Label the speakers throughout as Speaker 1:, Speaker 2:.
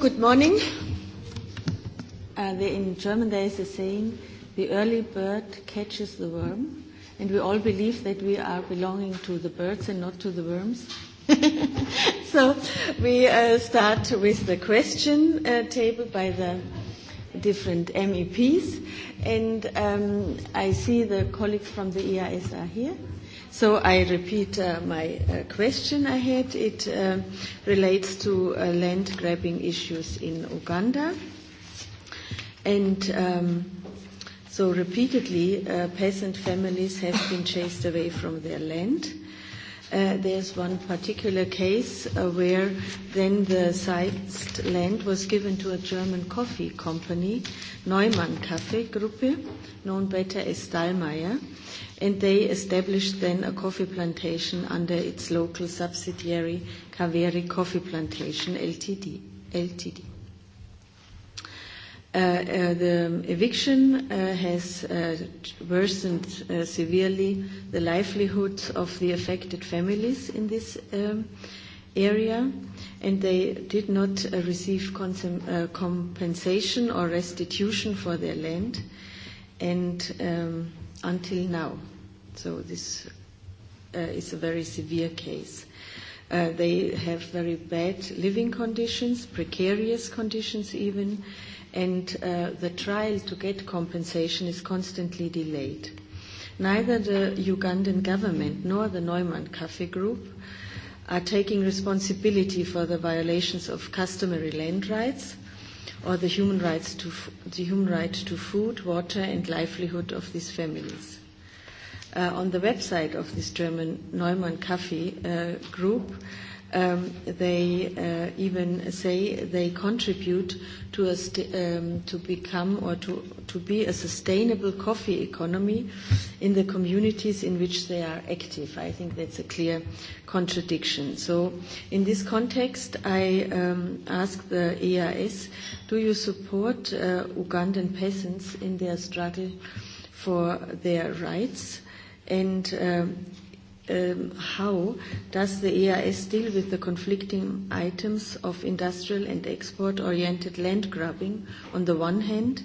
Speaker 1: good morning. In German there is a saying, the early bird catches the worm, and we all believe that we are belonging to the birds and not to the worms. So, we start with the question table by the different MEPs, and I see the colleagues from the EIS are here. So I repeat my question I had. It relates to land grabbing issues in Uganda. And so repeatedly peasant families have been chased away from their land. There's one particular case where then the seized land was given to a German coffee company, Neumann Kaffee Gruppe, known better as Stahlmeier, and they established then a coffee plantation under its local subsidiary Kaveri Coffee Plantation Ltd. Ltd. The eviction has worsened severely the livelihoods of the affected families in this area, and they did not receive compensation or restitution for their land. And until now. So this is a very severe case. They have very bad living conditions, precarious conditions even, and the trial to get compensation is constantly delayed. Neither the Ugandan government nor the Neumann Cafe Group are taking responsibility for the violations of customary land rights or the human rights to the human right to food, water and livelihood of these families. On the website of this German Neumann Kaffee group they even say they contribute to to become or to to be a sustainable coffee economy in the communities in which they are active. I think that's a clear contradiction. So in this context, I ask the EAS, do you support Ugandan peasants in their struggle for their rights? And how does the EIS deal with the conflicting items of industrial and export-oriented land grabbing on the one hand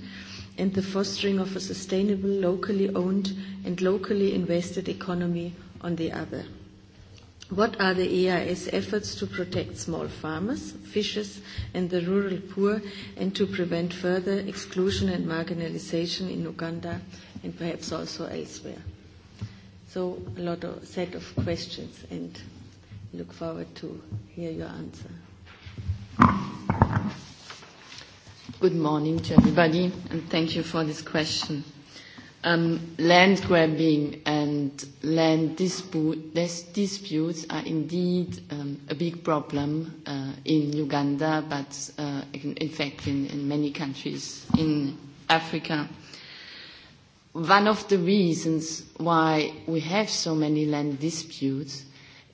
Speaker 1: and the fostering of a sustainable, locally owned and locally invested economy on the other? What are the EIS efforts to protect small farmers, fishers and the rural poor and to prevent further exclusion and marginalization in Uganda and perhaps also elsewhere? So a lot of set of questions and look forward to hear your answer. Good morning to everybody and thank you for this
Speaker 2: question. Land grabbing and land disputes are indeed a big problem in Uganda, but in fact in many countries in Africa one of the reasons why we have so many land disputes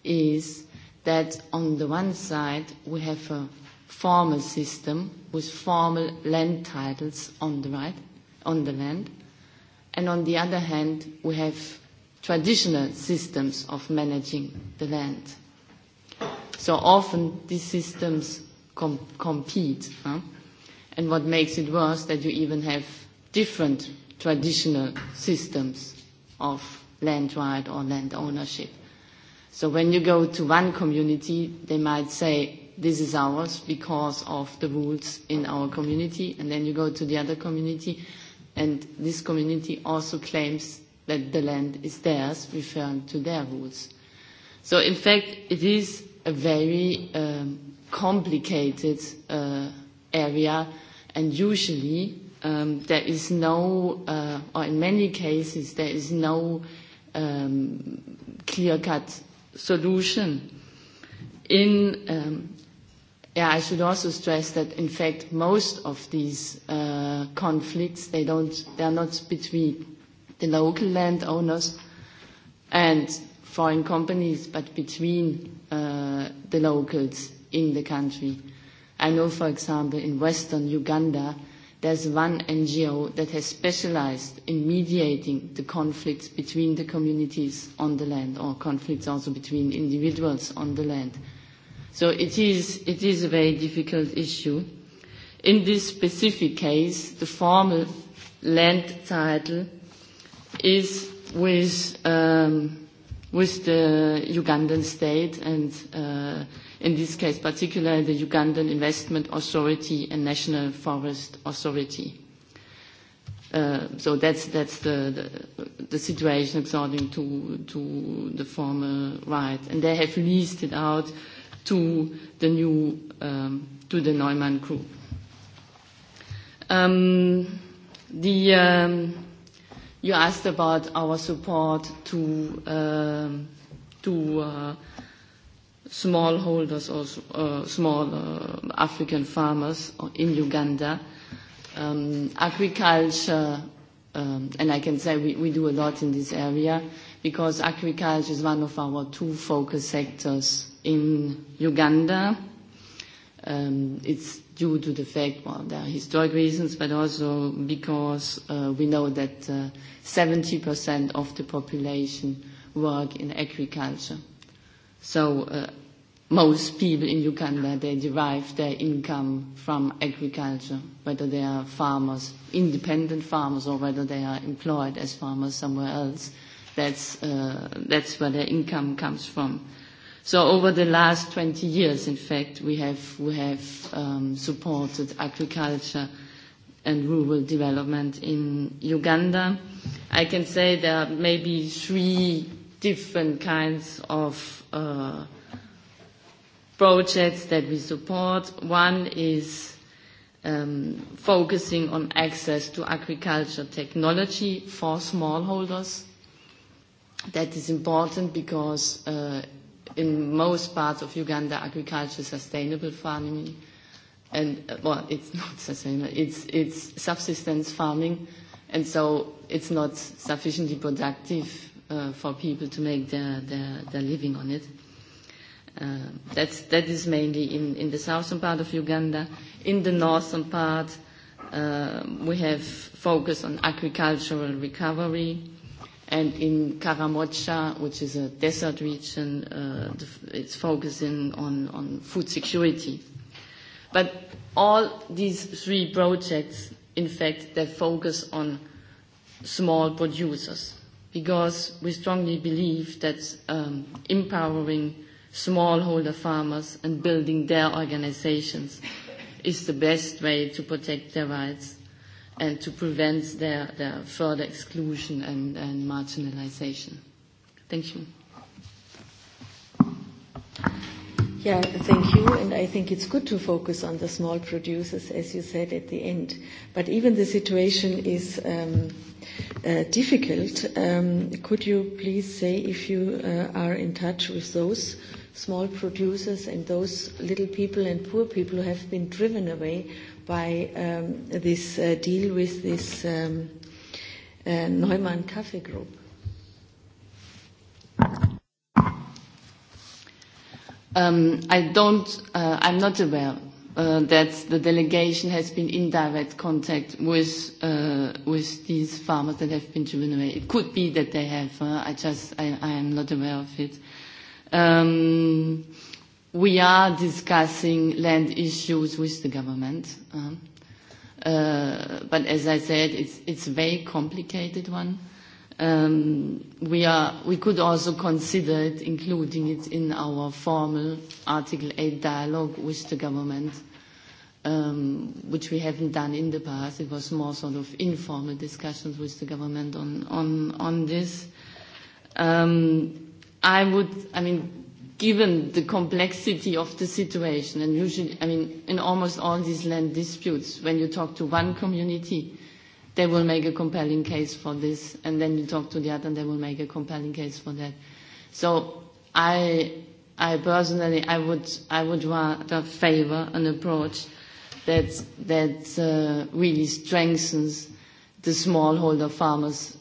Speaker 2: is that on the one side we have a formal system with formal land titles on the right on the land and on the other hand we have traditional systems of managing the land so often these systems compete and what makes it worse that you even have different traditional systems of land right or land ownership. So when you go to one community, they might say, this is ours because of the rules in our community, and then you go to the other community, and this community also claims that the land is theirs, referring to their rules. So in fact, it is a very complicated area, and usually there is no, or in many cases, there is no clear-cut solution. In, yeah, I should also stress that in fact most of these conflicts they don't, they are not between the local landowners and foreign companies, but between the locals in the country. I know, for example, in Western Uganda is one NGO that has specialized in mediating the conflicts between the communities on the land or conflicts also between individuals on the land. So it is a very difficult issue. In this specific case, the formal land title is with with the Ugandan state and in this case particularly the Ugandan Investment Authority and National Forest Authority. So that's the the situation according to the former right, and they have leased it out to the new to the Neumann Group. The you asked about our support to to smallholders holders or small African farmers in Uganda. Agriculture, and I can say we do a lot in this area because agriculture is one of our two focus sectors in Uganda. It's due to the fact, well, there are historic reasons, but also because we know that 70% of the population work in agriculture. So most people in Uganda, they derive their income from agriculture, whether they are farmers, independent farmers, or whether they are employed as farmers somewhere else. That's that's where their income comes from. So over the last 20 years, in fact, we have we have supported agriculture and rural development in Uganda. I can say there are maybe three different kinds of projects that we support. One is focusing on access to agriculture technology for smallholders. That is important because in most parts of Uganda agriculture is sustainable farming and well it's not sustainable it's it's subsistence farming and so it's not sufficiently productive for people to make their their their living on it. That's that is mainly in in the southern part of Uganda. In the northern part we have focus on agricultural recovery and in Karamocha, which is a desert region, it's focusing on on food security. But all these three projects in fact they focus on small producers because we strongly believe that empowering smallholder farmers and building their organizations is the best way to protect their rights and to prevent their, further exclusion and, and marginalization. Thank you.
Speaker 1: Yeah, thank you. And I think it's good to focus on the small producers, as you said at the end. But even the situation is difficult. Could you please say if you are in touch with those small producers and those little people and poor people who have been driven away by this deal with this Neumann Kaffee Group?
Speaker 2: I don't, I'm not aware that the delegation has been in direct contact with with these farmers that have been driven away. It could be that they have. I just I I am not aware of it. We are discussing land issues with the government, but as I said, it's it's a very complicated one. We are we could also consider it including it in our formal Article 8 dialogue with the government, which we haven't done in the past. It was more sort of informal discussions with the government on on on this. I would I mean given the complexity of the situation and usually I mean in almost all these land disputes when you talk to one community they will make a compelling case for this, and then you talk to the other, and they will make a compelling case for that. So I, I personally, I would, I would rather favour an approach that that really strengthens the smallholder farmers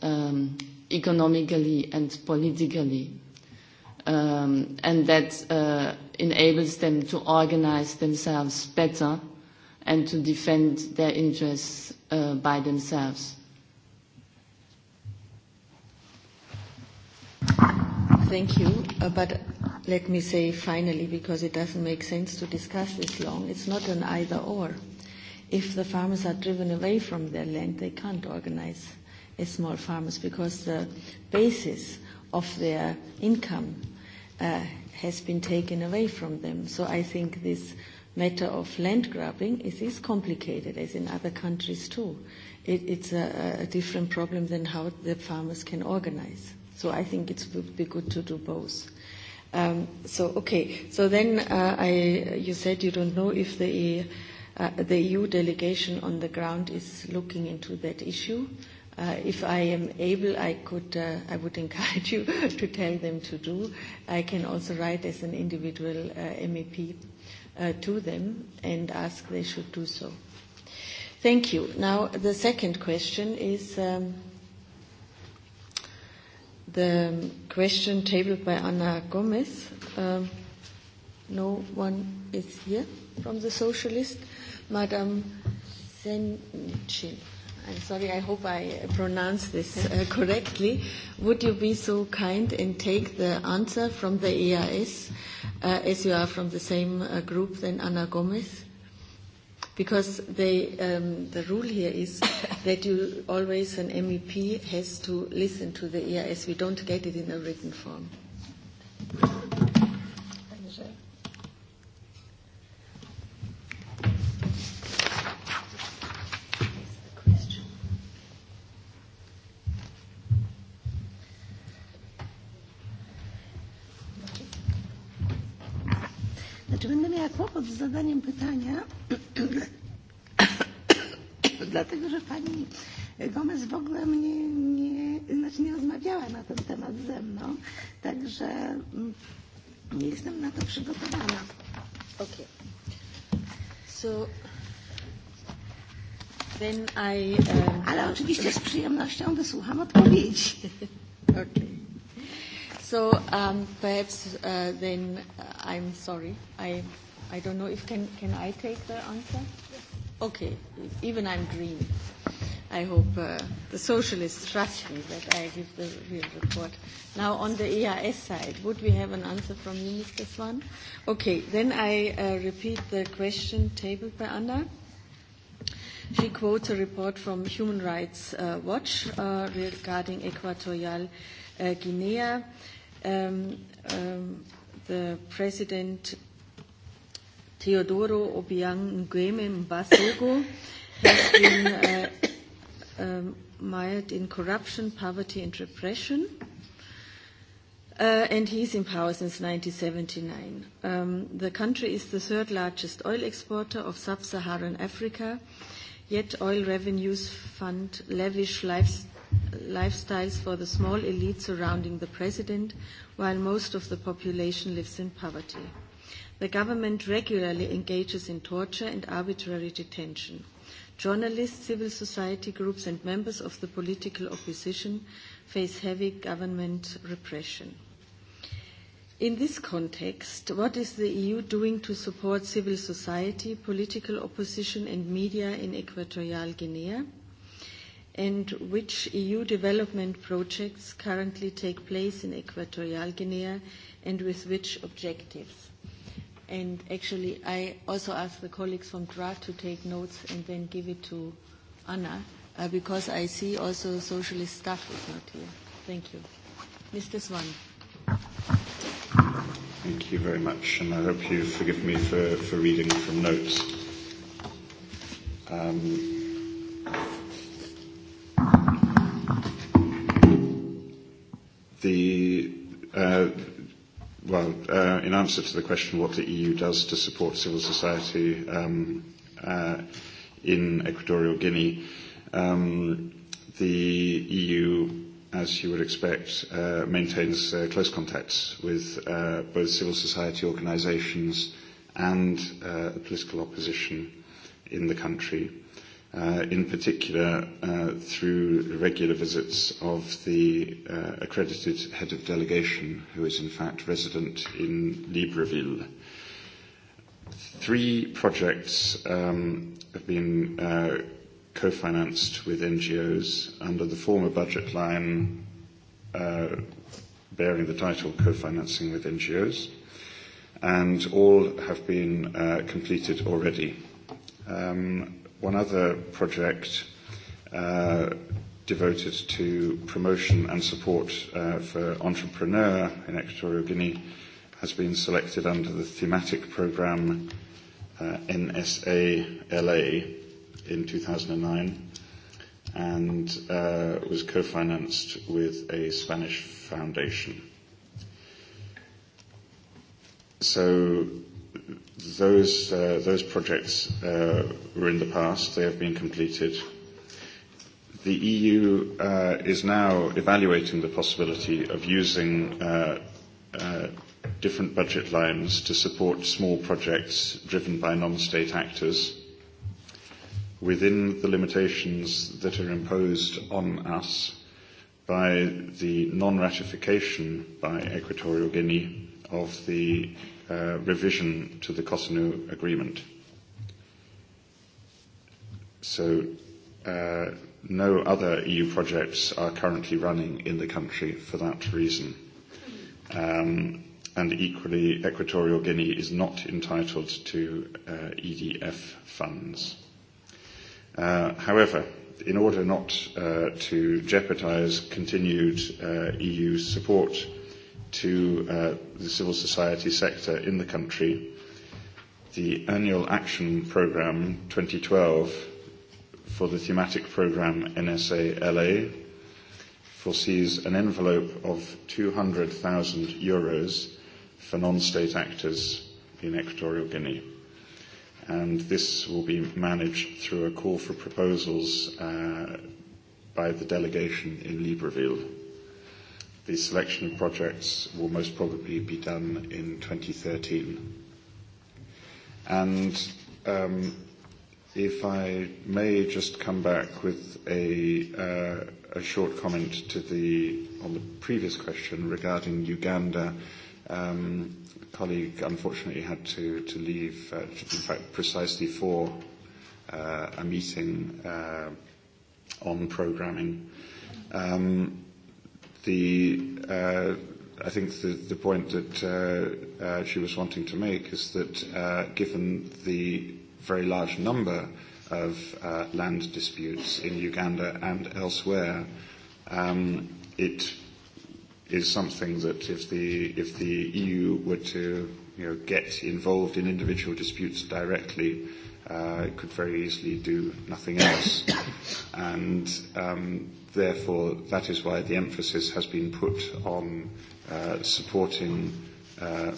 Speaker 2: economically and politically, and that enables them to organize themselves better and to defend their interests by themselves.
Speaker 1: Thank you. But let me say finally, because it doesn't make sense to discuss this long, it's not an either or. If the farmers are driven away from their land, they can't organize as small farmers because the basis of their income has been taken away from them. So I think this matter of land grabbing is is complicated, as in other countries too. It It's a different problem than how the farmers can organize. So I think it would be good to do both. So okay, so then I you said you don't know if the the EU delegation on the ground is looking into that issue. If I am able, I could, I would encourage you to tell them to do. I can also write as an individual MEP to them and ask they should do so. Thank you. Now the second question is the question tabled by Anna Gomez. No one is here from the socialist. Madam Senchin. I'm sorry, I hope I pronounced this correctly. Would you be so kind and take the answer from the EIS, as you are from the same group than Anna Gomez? Because the rule here is that you always, an MEP, has to listen to the EIS. We don't get it in a written form.
Speaker 3: miała kłopot z zadaniem pytania, dlatego że pani Gomez w ogóle mnie nie, znaczy nie rozmawiała na ten temat ze mną, także nie jestem na to przygotowana.
Speaker 1: So, then I, Ale oczywiście z przyjemnością wysłucham odpowiedzi. ok. So um, perhaps then I'm sorry. I I don't know if can can I take the answer? Okay, even I'm green. I hope the socialists trust me that I give the real report. Now on the EIS side, would we have an answer from you, Mr. Swan? Okay, then I repeat the question tabled by Anna. She quotes a report from Human Rights Watch regarding Equatorial Guinea. The President Theodoro Obiang Ngueme Mbasogo has been mired in corruption, poverty and repression. And he's in power since 1979. The country is the third largest oil exporter of sub-Saharan Africa, yet oil revenues fund lavish lifestyles for the small elite surrounding the president, while most of the population lives in poverty. The government regularly engages in torture and arbitrary detention. Journalists, civil society groups and members of the political opposition face heavy government repression. In this context, what is the EU doing to support civil society, political opposition and media in Equatorial Guinea? And which EU development projects currently take place in Equatorial Guinea and with which objectives? And actually, I also ask the colleagues from draft to take notes and then give it to Anna, because I see also socialist staff is not here. Thank you. Mr. Swan.
Speaker 4: Thank you very much, and I hope you forgive me for, for reading from notes. Um, the uh, Well, in answer to the question what the EU does to support civil society in Equatorial Guinea, the EU, as you would expect, maintains close contacts with both civil society organisations and the political opposition in the country in particular through regular visits of the accredited head of delegation, who is in fact resident in Libreville. Three projects have been co-financed with NGOs under the former budget line bearing the title Co-Financing with NGOs, and all have been completed already. Um one other project devoted to promotion and support for entrepreneur in Equatorial Guinea has been selected under the thematic program NSA LA in 2009 and was co-financed with a Spanish foundation. So Those those projects were in the past. They have been completed. The EU is now evaluating the possibility of using different budget lines to support small projects driven by non-state actors within the limitations that are imposed on us by the non-ratification by Equatorial Guinea of the revision to the Cotonou Agreement. So no other EU projects are currently running in the country for that reason. And equally, Equatorial Guinea is not entitled to EDF funds. However, in order not to jeopardize continued EU support to the civil society sector in the country. The Annual Action Programme 2012 for the thematic programme NSA LA foresees an envelope of 200,000 euros for non-state actors in Equatorial Guinea. And this will be managed through a call for proposals by the delegation in Libreville. The selection of projects will most probably be done in 2013. And if I may just come back with a a short comment to the on the previous question regarding Uganda. Um, colleague unfortunately had to to leave, in fact, precisely for a meeting on programming. Um, The I think the point that she was wanting to make is that given the very large number of land disputes in Uganda and elsewhere, it is something that if the if the EU were to you know get involved in individual disputes directly, it could very easily do nothing else. And Therefore, that is why the emphasis has been put on supporting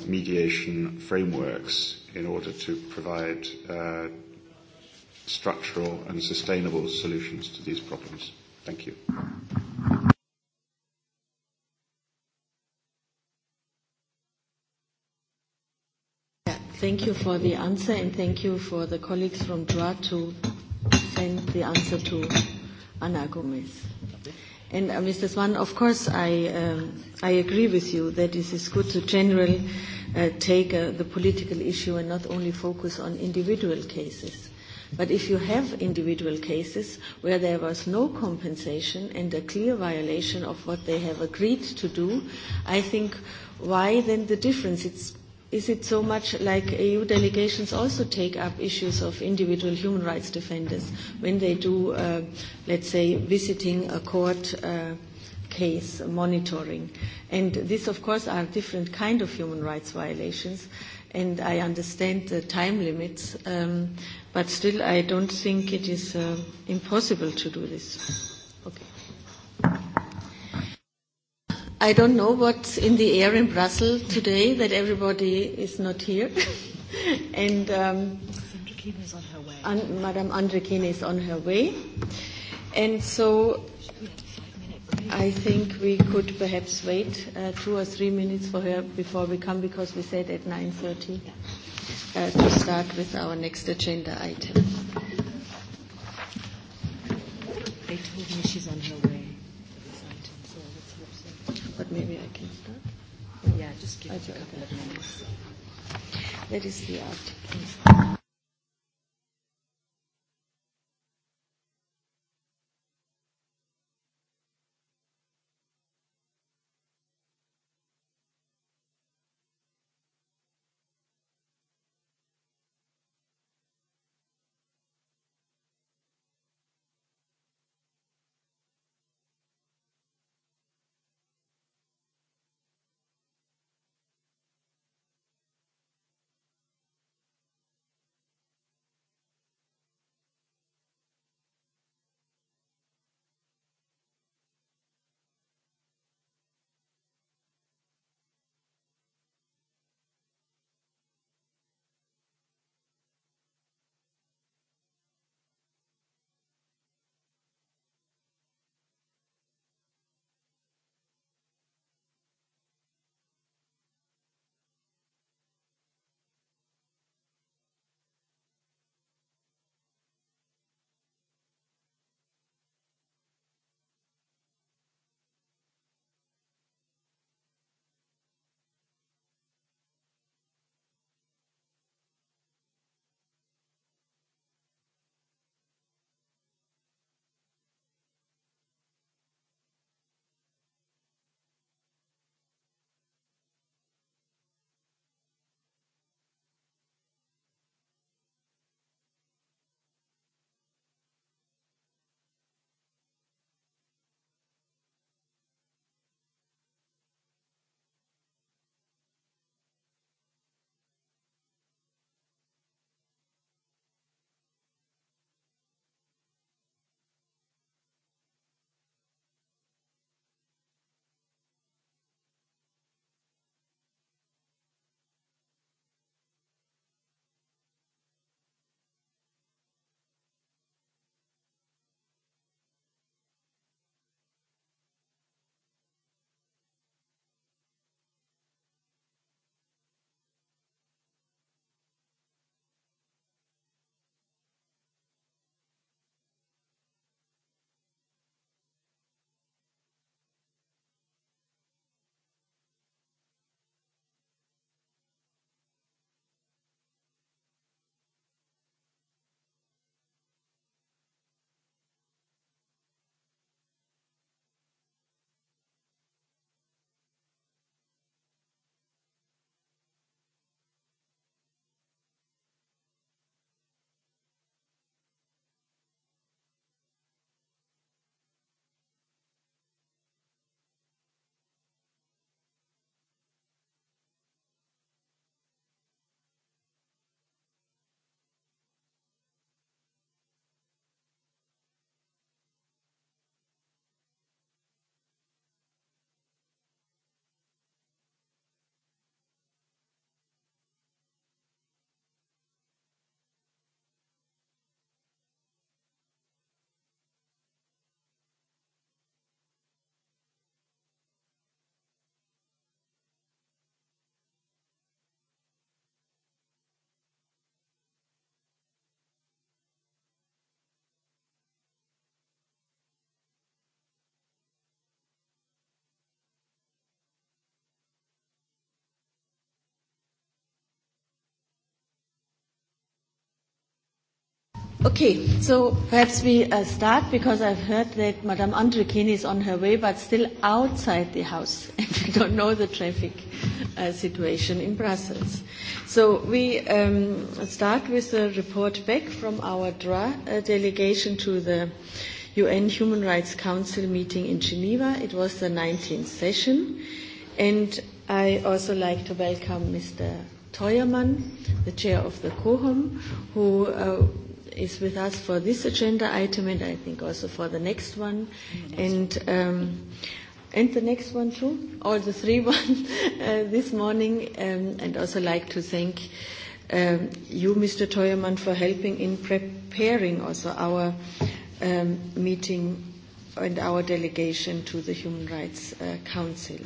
Speaker 4: mediation frameworks in order to provide structural and sustainable solutions to these problems. Thank you.
Speaker 1: Thank you for the answer and thank you for the colleagues from DRA to send the answer to Ana Gomez. And Mr. Swan, of course, I I agree with you that it is good to generally take the political issue and not only focus on individual cases. But if you have individual cases where there was no compensation and a clear violation of what they have agreed to do, I think why then the difference? It's is it so much like EU delegations also take up issues of individual human rights defenders when they do, let's say, visiting a court case monitoring? And these, of course, are different kind of human rights violations, and I understand the time limits, but still I don't think it is impossible to do this. I don't know what's in the air in Brussels today that everybody is not here. and um, Madame Andrekine is on her way. And so I think we could perhaps wait uh, two or three minutes for her before we come because we said at 9.30 uh, to start with our next agenda item but maybe I can start. Yeah, just give a couple of minutes. That is the article. Okay, so perhaps we start because I've heard that Madame Andrekini is on her way, but still outside the house, and we don't know the traffic situation in Brussels. So we start with a report back from our DRA delegation to the UN Human Rights Council meeting in Geneva. It was the 19th session, and I also like to welcome Mr. Teuermann, the chair of the COHOM, who is with us for this agenda item and I think also for the next one. And um, and the next one too, all the three one this morning. Um, and also like to thank um, you, Mr. Teuermann, for helping in preparing also our um, meeting and our delegation to the Human Rights Council.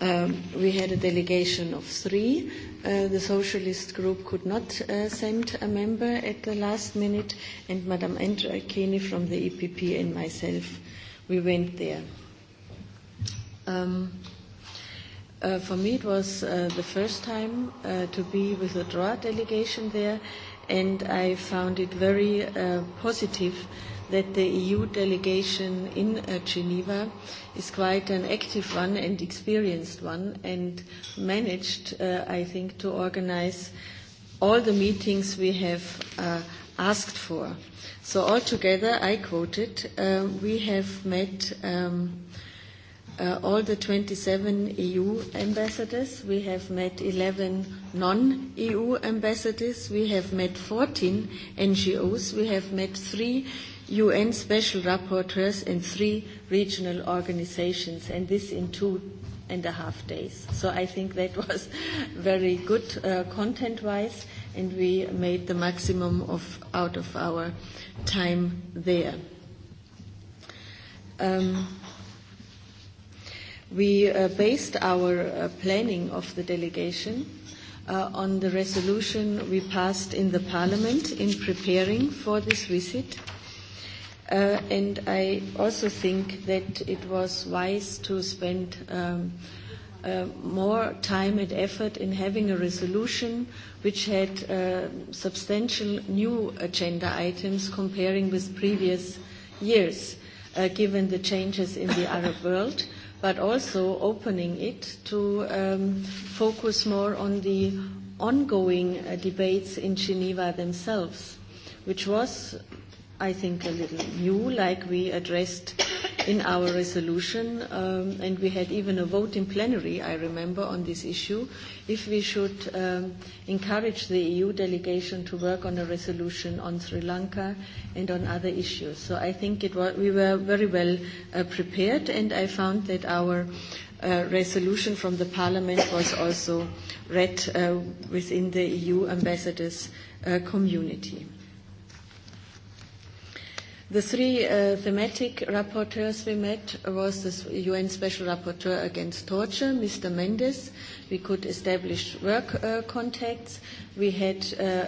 Speaker 1: We had a delegation of three. The Socialist group could not send a member at the last minute, and Madame Andrakeni from the EPP and myself, we went there. For me, it was the first time to be with a DROA delegation there, and I found it very positive that the EU delegation in Geneva is quite an active one and experienced one and managed, I think, to organize all the meetings we have asked for. So altogether, I quoted, we have met all the 27 EU ambassadors. We have met 11 non-EU ambassadors. We have met 14 NGOs. We have met three UN special rapporteurs and three regional organizations, and this in two and a half days. So I think that was very good content-wise, and we made the maximum of out of our time there. Um We based our planning of the delegation on the resolution we passed in the Parliament in preparing for this visit. And I also think that it was wise to spend more time and effort in having a resolution which had substantial new agenda items comparing with previous years, given the changes in the Arab world but also opening it to focus more on the ongoing debates in Geneva themselves, which was I think, a little new, like we addressed in our resolution, and we had even a vote in plenary, I remember, on this issue, if we should encourage the EU delegation to work on a resolution on Sri Lanka and on other issues. So I think we were very well prepared, and I found that our resolution from the Parliament was also read within the EU ambassadors' community. The three thematic rapporteurs we met was the UN Special Rapporteur against torture, Mr. Mendes. We could establish work contacts. We had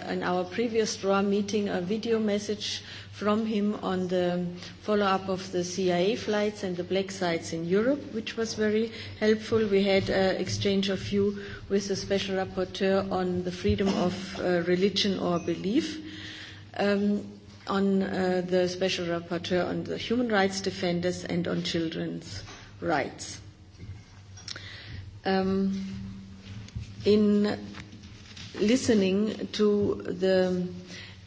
Speaker 1: in our previous draw meeting a video message from him on the follow-up of the CIA flights and the black sites in Europe, which was very helpful. We had an exchange of view with the Special Rapporteur on the freedom of religion or belief on the Special Rapporteur on the Human Rights Defenders and on Children's Rights. In listening to the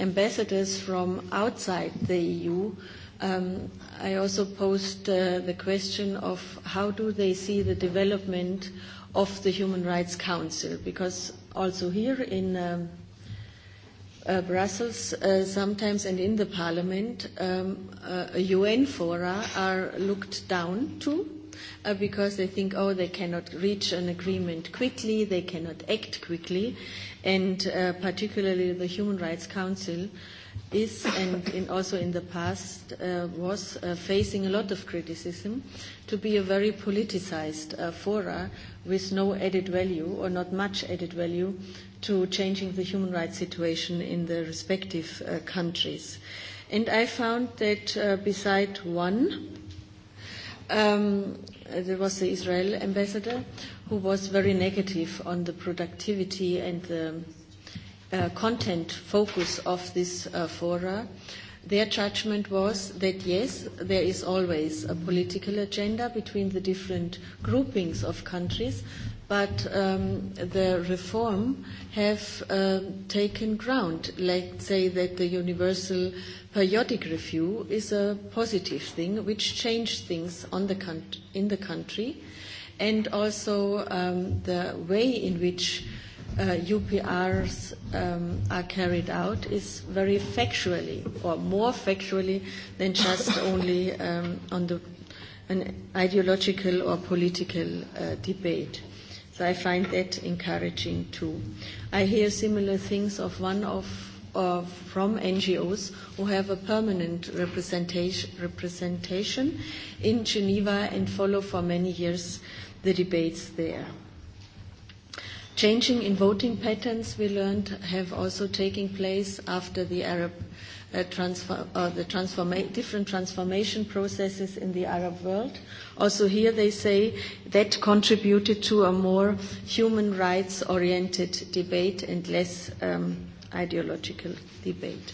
Speaker 1: ambassadors from outside the EU, I also posed the question of how do they see the development of the Human Rights Council, because also here in Brussels sometimes and in the Parliament UN fora are looked down to because they think oh they cannot reach an agreement quickly, they cannot act quickly and particularly the Human Rights Council is and also in the past was facing a lot of criticism to be a very politicized fora with no added value or not much added value to changing the human rights situation in the respective countries. And I found that beside one, there was the Israel ambassador who was very negative on the productivity and the content focus of this fora. Their judgment was that yes, there is always a political agenda between the different groupings of countries, but the reform have taken ground. Let's say that the universal periodic review is a positive thing which changed things on the in the country and also the way in which UPRs are carried out is very factually or more factually than just only on the an ideological or political debate. So I find that encouraging too. I hear similar things of one of from NGOs who have a permanent representation in Geneva and follow for many years the debates there. Changing in voting patterns, we learned, have also taken place after the Arab the different transformation processes in the Arab world. Also here they say that contributed to a more human rights oriented debate and less ideological debate.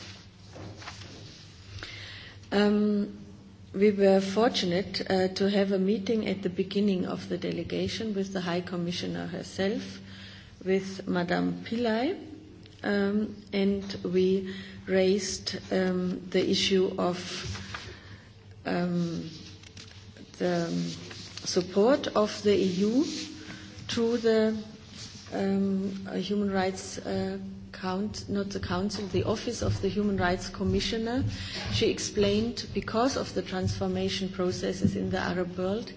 Speaker 1: We were fortunate to have a meeting at the beginning of the delegation with the High Commissioner herself, with Madame Pillay and we raised the issue of the support of the EU to the Human Rights not the Council, the Office of the Human Rights Commissioner. She explained because of the transformation processes in the Arab world,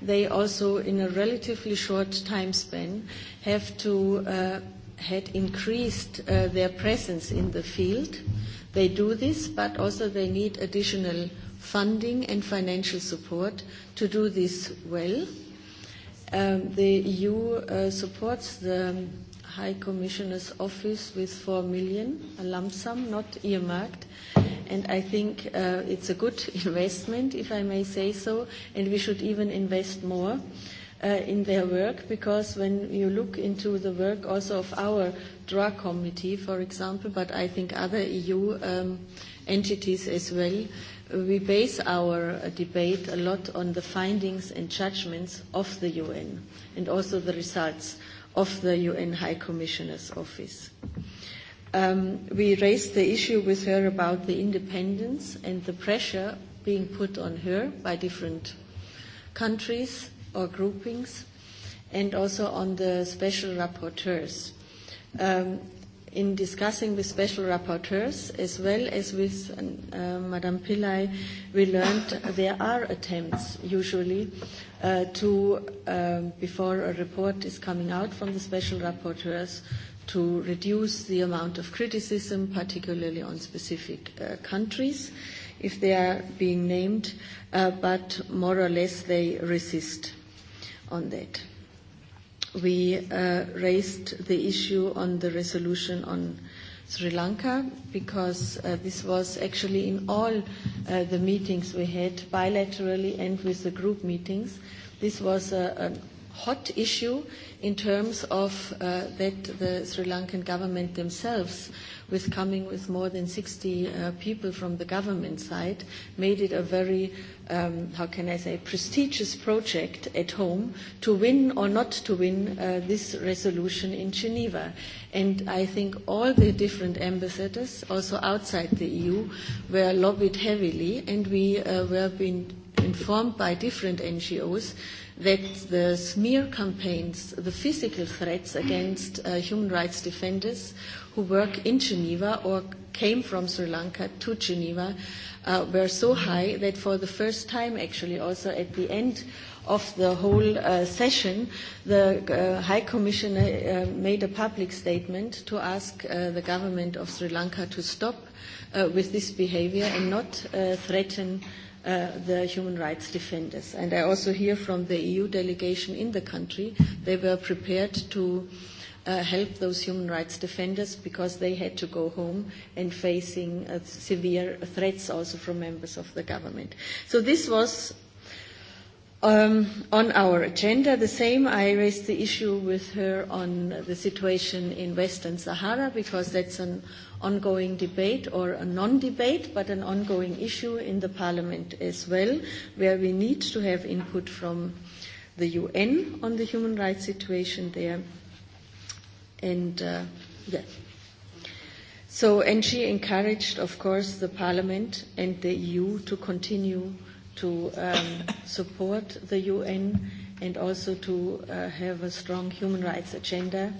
Speaker 1: they also in a relatively short time span have to had increased their presence in the field. They do this, but also they need additional funding and financial support to do this well. The EU supports the High Commissioner's Office with 4 million, a lump sum, not earmarked. And I think it's a good investment, if I may say so, and we should even invest more in their work because when you look into the work also of our drug committee, for example, but I think other EU entities as well, we base our debate a lot on the findings and judgments of the UN and also the results of the UN High Commissioner's Office. We raised the issue with her about the independence and the pressure being put on her by different countries or groupings, and also on the special rapporteurs. In discussing with special rapporteurs, as well as with Madame Pillay, we learned there are attempts usually to, before a report is coming out from the special rapporteurs, to reduce the amount of criticism, particularly on specific countries, if they are being named, but more or less they resist on that. We raised the issue on the resolution on Sri Lanka because this was actually in all the meetings we had, bilaterally and with the group meetings. This was a hot issue in terms of that the Sri Lankan government themselves with coming with more than 60 people from the government side, made it a very, how can I say, prestigious project at home to win or not to win this resolution in Geneva. And I think all the different ambassadors, also outside the EU, were lobbied heavily, and we were being informed by different NGOs that the smear campaigns, the physical threats against human rights defenders who work in Geneva or came from Sri Lanka to Geneva were so high that for the first time actually also at the end of the whole session, the High Commissioner made a public statement to ask the government of Sri Lanka to stop with this behavior and not threaten the human rights defenders. And I also hear from the EU delegation in the country, they were prepared to help those human rights defenders because they had to go home and facing severe threats also from members of the government. So this was on our agenda. The same, I raised the issue with her on the situation in Western Sahara because that's an ongoing debate or a non-debate but an ongoing issue in the parliament as well where we need to have input from the UN on the human rights situation there And yeah. So, and she encouraged, of course, the Parliament and the EU to continue to support the UN and also to have a strong human rights agenda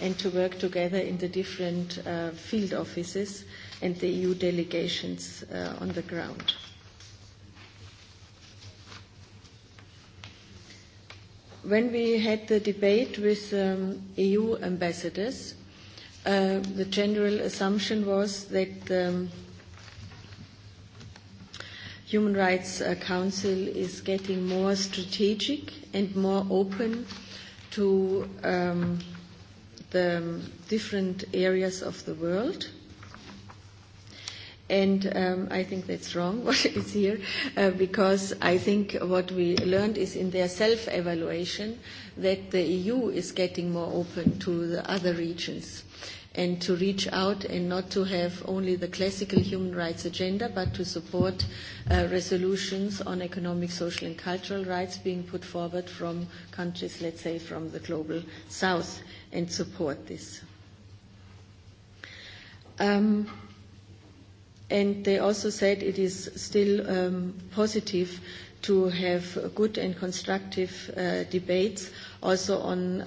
Speaker 1: and to work together in the different field offices and the EU delegations on the ground. When we had the debate with EU ambassadors, the general assumption was that the Human Rights Council is getting more strategic and more open to the different areas of the world And I think that's wrong what is here, because I think what we learned is in their self-evaluation that the EU is getting more open to the other regions and to reach out and not to have only the classical human rights agenda, but to support resolutions on economic, social and cultural rights being put forward from countries, let's say, from the global south, and support this. Um and they also said it is still positive to have good and constructive debates also on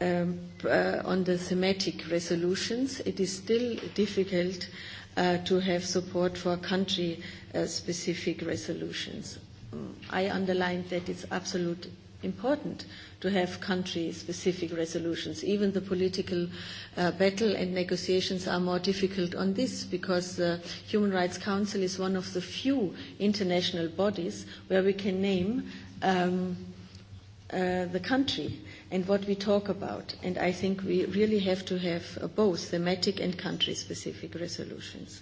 Speaker 1: on the thematic resolutions. It is still difficult to have support for country-specific resolutions. I underline that it's absolutely important to have country-specific resolutions. Even the political battle and negotiations are more difficult on this because the Human Rights Council is one of the few international bodies where we can name the country and what we talk about. And I think we really have to have both thematic and country-specific resolutions.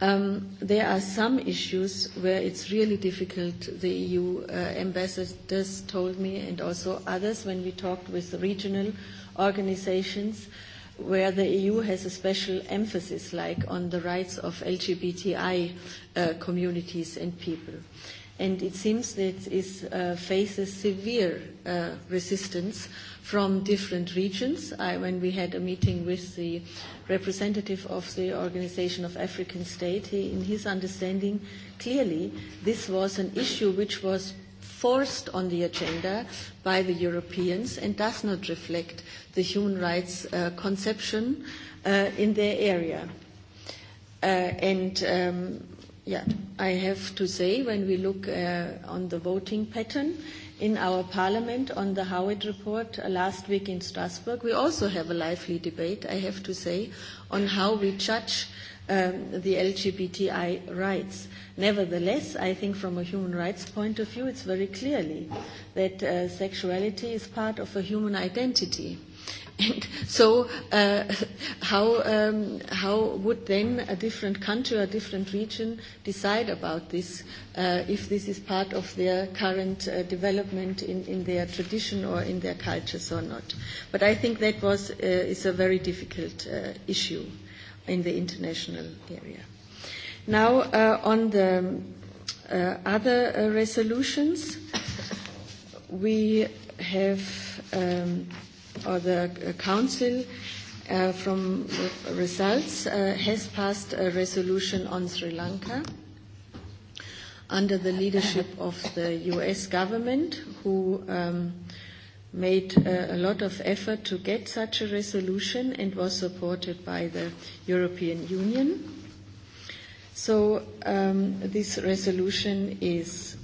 Speaker 1: There are some issues where it's really difficult. The EU ambassadors told me, and also others, when we talked with regional organizations, where the EU has a special emphasis, like on the rights of LGBTI communities and people. And it seems that it faces severe resistance from different regions. When we had a meeting with the representative of the Organization of African States, in his understanding, clearly this was an issue which was forced on the agenda by the Europeans and does not reflect the human rights conception in their area. And yeah, I have to say when we look on the voting pattern, in our parliament on the Howard report last week in Strasbourg. We also have a lively debate, I have to say, on how we judge the LGBTI rights. Nevertheless, I think from a human rights point of view, it's very clearly that sexuality is part of a human identity And so how how would then a different country or a different region decide about this if this is part of their current development in in their tradition or in their cultures or not? But I think that was is a very difficult issue in the international area. Now on the other resolutions we have or the Council from results has passed a resolution on Sri Lanka under the leadership of the US government who made a lot of effort to get such a resolution and was supported by the European Union. So this resolution is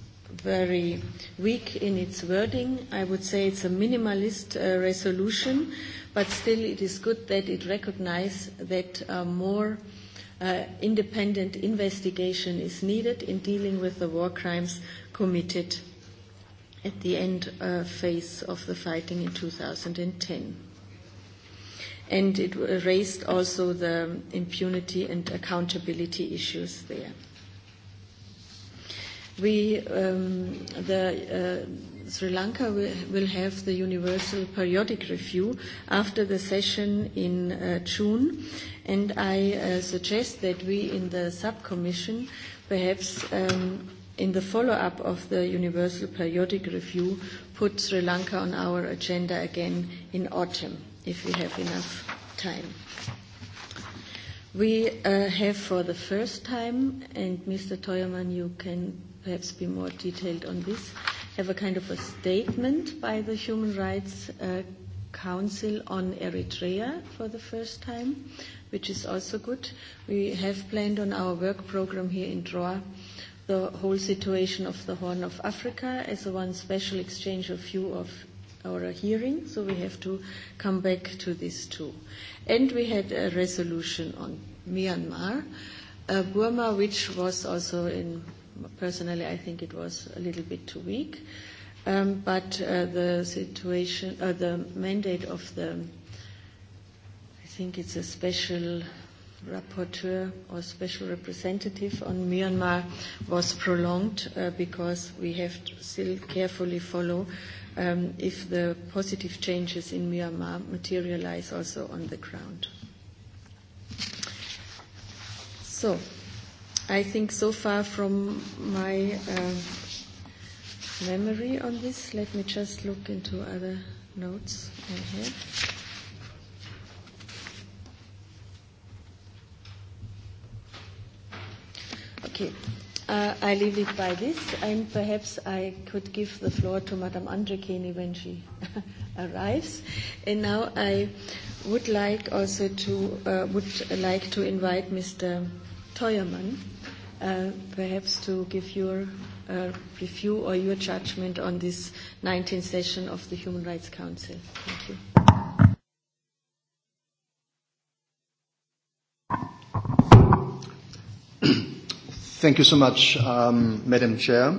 Speaker 1: very weak in its wording. I would say it's a minimalist resolution, but still it is good that it recognizes that more independent investigation is needed in dealing with the war crimes committed at the end phase of the fighting in 2010. And it raised also the impunity and accountability issues there. We, the Sri Lanka will have the Universal Periodic Review after the session in June, and I suggest that we in the subcommission perhaps in the follow-up of the Universal Periodic Review put Sri Lanka on our agenda again in autumn, if we have enough time. We have for the first time, and Mr. Teuermann, you can perhaps be more detailed on this, have a kind of a statement by the Human Rights Council on Eritrea for the first time, which is also good. We have planned on our work program here in Droa the whole situation of the Horn of Africa as a one special exchange of view of our hearing, so we have to come back to this too. And we had a resolution on Myanmar, Burma, which was also in Personally, I think it was a little bit too weak. But the situation, the mandate of the, I think it's a special rapporteur or special representative on Myanmar was prolonged because we have to still carefully follow if the positive changes in Myanmar materialize also on the ground. So I think so far from my memory on this. Let me just look into other notes I have. Okay. I leave it by this, and perhaps I could give the floor to Madame Andrekini when she arrives. And now I would like also to would like to invite Mr. Teuermann perhaps to give your review or your judgment on this 19th session of the Human Rights
Speaker 5: Council. Thank you. Thank you so much, Madam Chair,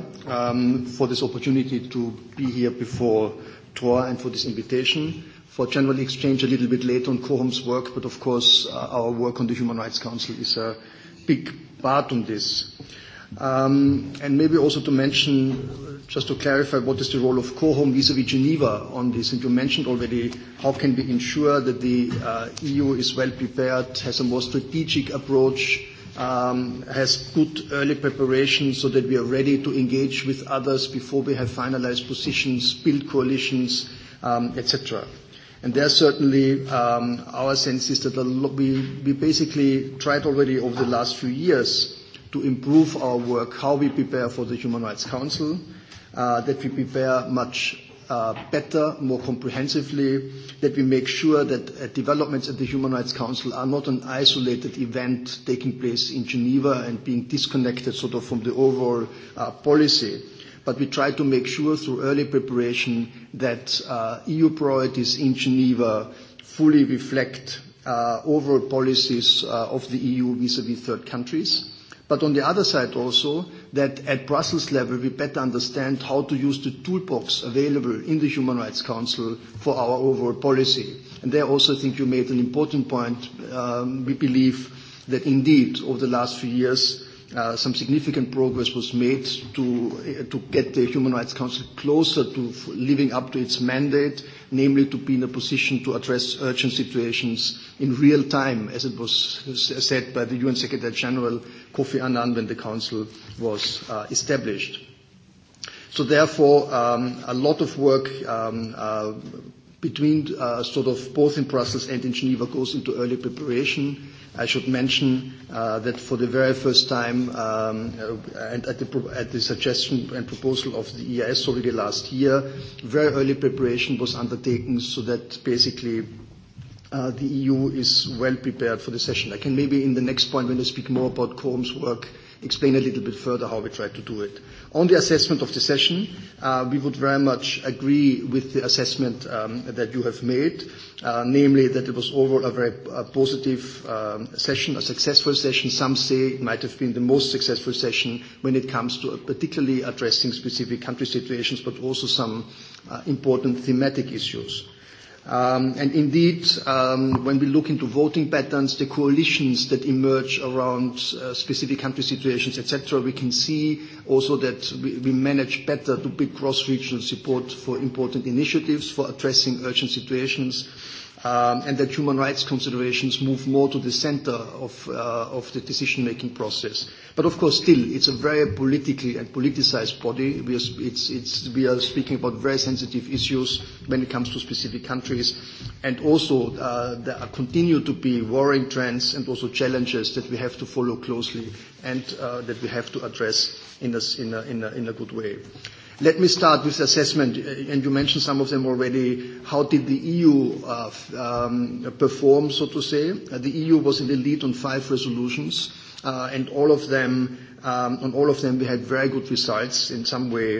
Speaker 5: for this opportunity to be here before TOR and for this invitation for general exchange a little bit later on Quorum's work, but of course our work on the Human Rights Council is a big part on this. And maybe also to mention, just to clarify, what is the role of COHOM vis-à-vis Geneva on this? And you mentioned already how can we ensure that the EU is well prepared, has a more strategic approach, has good early preparation so that we are ready to engage with others before we have finalized positions, build coalitions, etc there certainly our sense is that we, we basically tried already over the last few years to improve our work, how we prepare for the Human Rights Council, that we prepare much better, more comprehensively, that we make sure that developments at the Human Rights Council are not an isolated event taking place in Geneva and being disconnected sort of from the overall policy but we try to make sure through early preparation that EU priorities in Geneva fully reflect overall policies of the EU vis-à-vis third countries. But on the other side also, that at Brussels level we better understand how to use the toolbox available in the Human Rights Council for our overall policy. And there also I think you made an important point. We believe that indeed over the last few years some significant progress was made to to get the Human Rights Council closer to living up to its mandate, namely to be in a position to address urgent situations in real time, as it was said by the UN Secretary General Kofi Annan when the Council was established. So therefore, a lot of work between sort of both in Brussels and in Geneva goes into early preparation I should mention that for the very first time, and at the suggestion and proposal of the EIS already last year, very early preparation was undertaken so that basically the EU is well prepared for the session. I can maybe in the next point when I speak more about quorum's work explain a little bit further how we try to do it. On the assessment of the session, we would very much agree with the assessment that you have made, namely that it was overall a very positive session, a successful session. Some say it might have been the most successful session when it comes to particularly addressing specific country situations, but also some important thematic issues. And indeed, when we look into voting patterns, the coalitions that emerge around specific country situations, etc., we can see also that we manage better to build cross-regional support for important initiatives for addressing urgent situations and that human rights considerations move more to the center of of the decision-making process. But of course, still, it's a very politically and politicized body. We are speaking about very sensitive issues when it comes to specific countries, and also there continue to be worrying trends and also challenges that we have to follow closely and that we have to address in a good way. Let me start with assessment, and you mentioned some of them already. How did the EU perform, so to say? The EU was in the lead on five resolutions, and all of them, on all of them, we had very good results, in some way,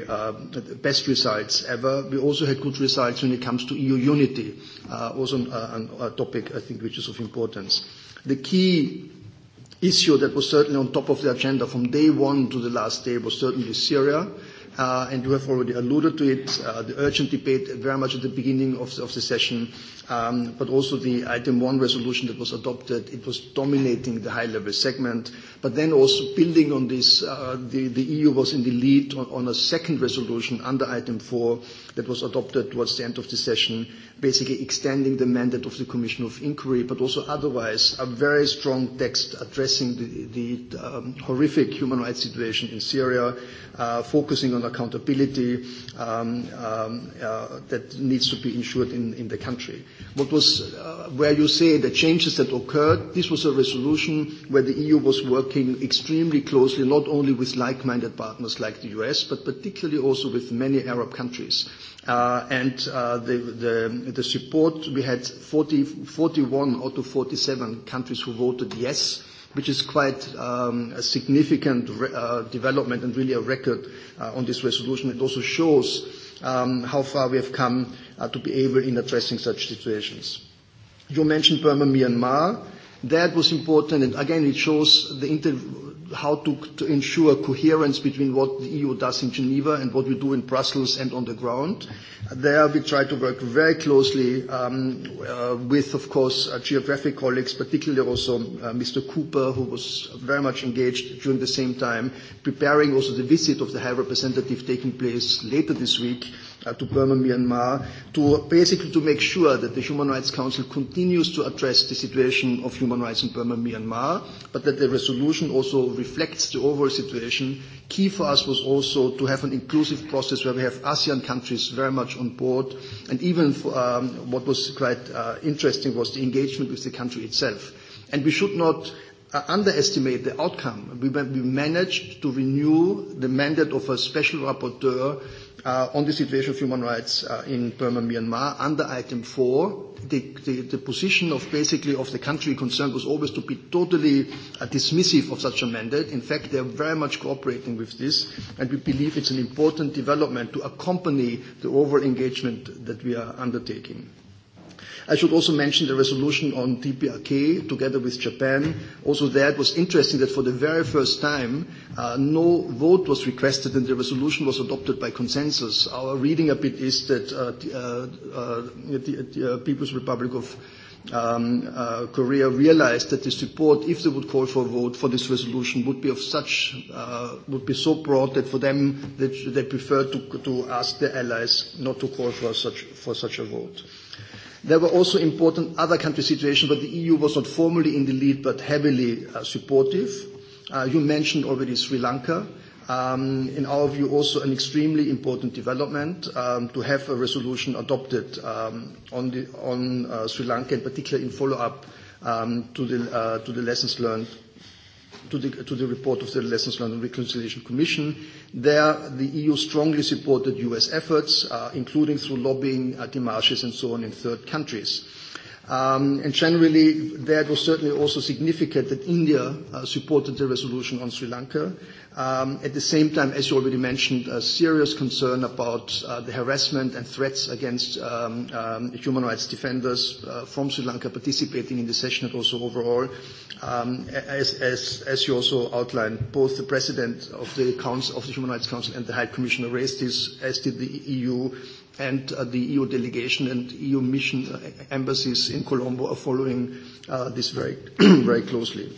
Speaker 5: best results ever. We also had good results when it comes to EU unity, also a topic I think which is of importance. The key issue that was certainly on top of the agenda from day one to the last day was certainly Syria and you have already alluded to it, the urgent debate very much at the beginning of the session, but also the item one resolution that was adopted, it was dominating the high-level segment. But then also building on this, the EU was in the lead on a second resolution under item four that was adopted towards the end of the session basically extending the mandate of the Commission of Inquiry, but also otherwise a very strong text addressing the horrific human rights situation in Syria, focusing on accountability that needs to be ensured in the country. What was where you say the changes that occurred, this was a resolution where the EU was working extremely closely, not only with like-minded partners like the US, but particularly also with many Arab countries and the the support we had 40 41 out of 47 countries who voted yes which is quite a significant development and really a record on this resolution it also shows how far we have come to be able in addressing such situations you mentioned Burma Myanmar That was important, and again, it shows the how to ensure coherence between what the EU does in Geneva and what we do in Brussels and on the ground. There, we try to work very closely with, of course, our geographic colleagues, particularly also Mr. Cooper, who was very much engaged during the same time, preparing also the visit of the High Representative taking place later this week to Burma, Myanmar, to basically to make sure that the Human Rights Council continues to address the situation of human rights in Burma, Myanmar, but that the resolution also reflects the overall situation. Key for us was also to have an inclusive process where we have ASEAN countries very much on board, and even what was quite interesting was the engagement with the country itself. And we should not underestimate the outcome. We managed to renew the mandate of a special rapporteur on the situation of human rights in Burma, Myanmar. Under item four, the position of basically of the country concerned was always to be totally dismissive of such a mandate. In fact, they are very much cooperating with this, and we believe it's an important development to accompany the overall engagement that we are undertaking. I should also mention the resolution on TPRK together with Japan. Also there it was interesting that for the very first time no vote was requested and the resolution was adopted by consensus. Our reading a bit is that the People's Republic of Korea realized that the support, if they would call for a vote for this resolution, would be of such, would be so broad that for them they prefer to ask their allies not to call for such for such a vote. There were also important other country situations but the EU was not formally in the lead but heavily supportive. You mentioned already Sri Lanka. In our view, also an extremely important development to have a resolution adopted on on Sri Lanka, in particular in follow-up to the lessons learned to the report of the Lessons Learned and Reconciliation Commission. There, the EU strongly supported U.S. efforts, including through lobbying, demarches, and so on in third countries. And generally, there was certainly also significant that India supported the resolution on Sri Lanka, At the same time, as you already mentioned, a serious concern about the harassment and threats against human rights defenders from Sri Lanka participating in the session and also overall. As you also outlined, both the President of the Council of the Human Rights Council and the High Commissioner raised this, as did the EU and the EU delegation and EU mission embassies in Colombo are following this very closely.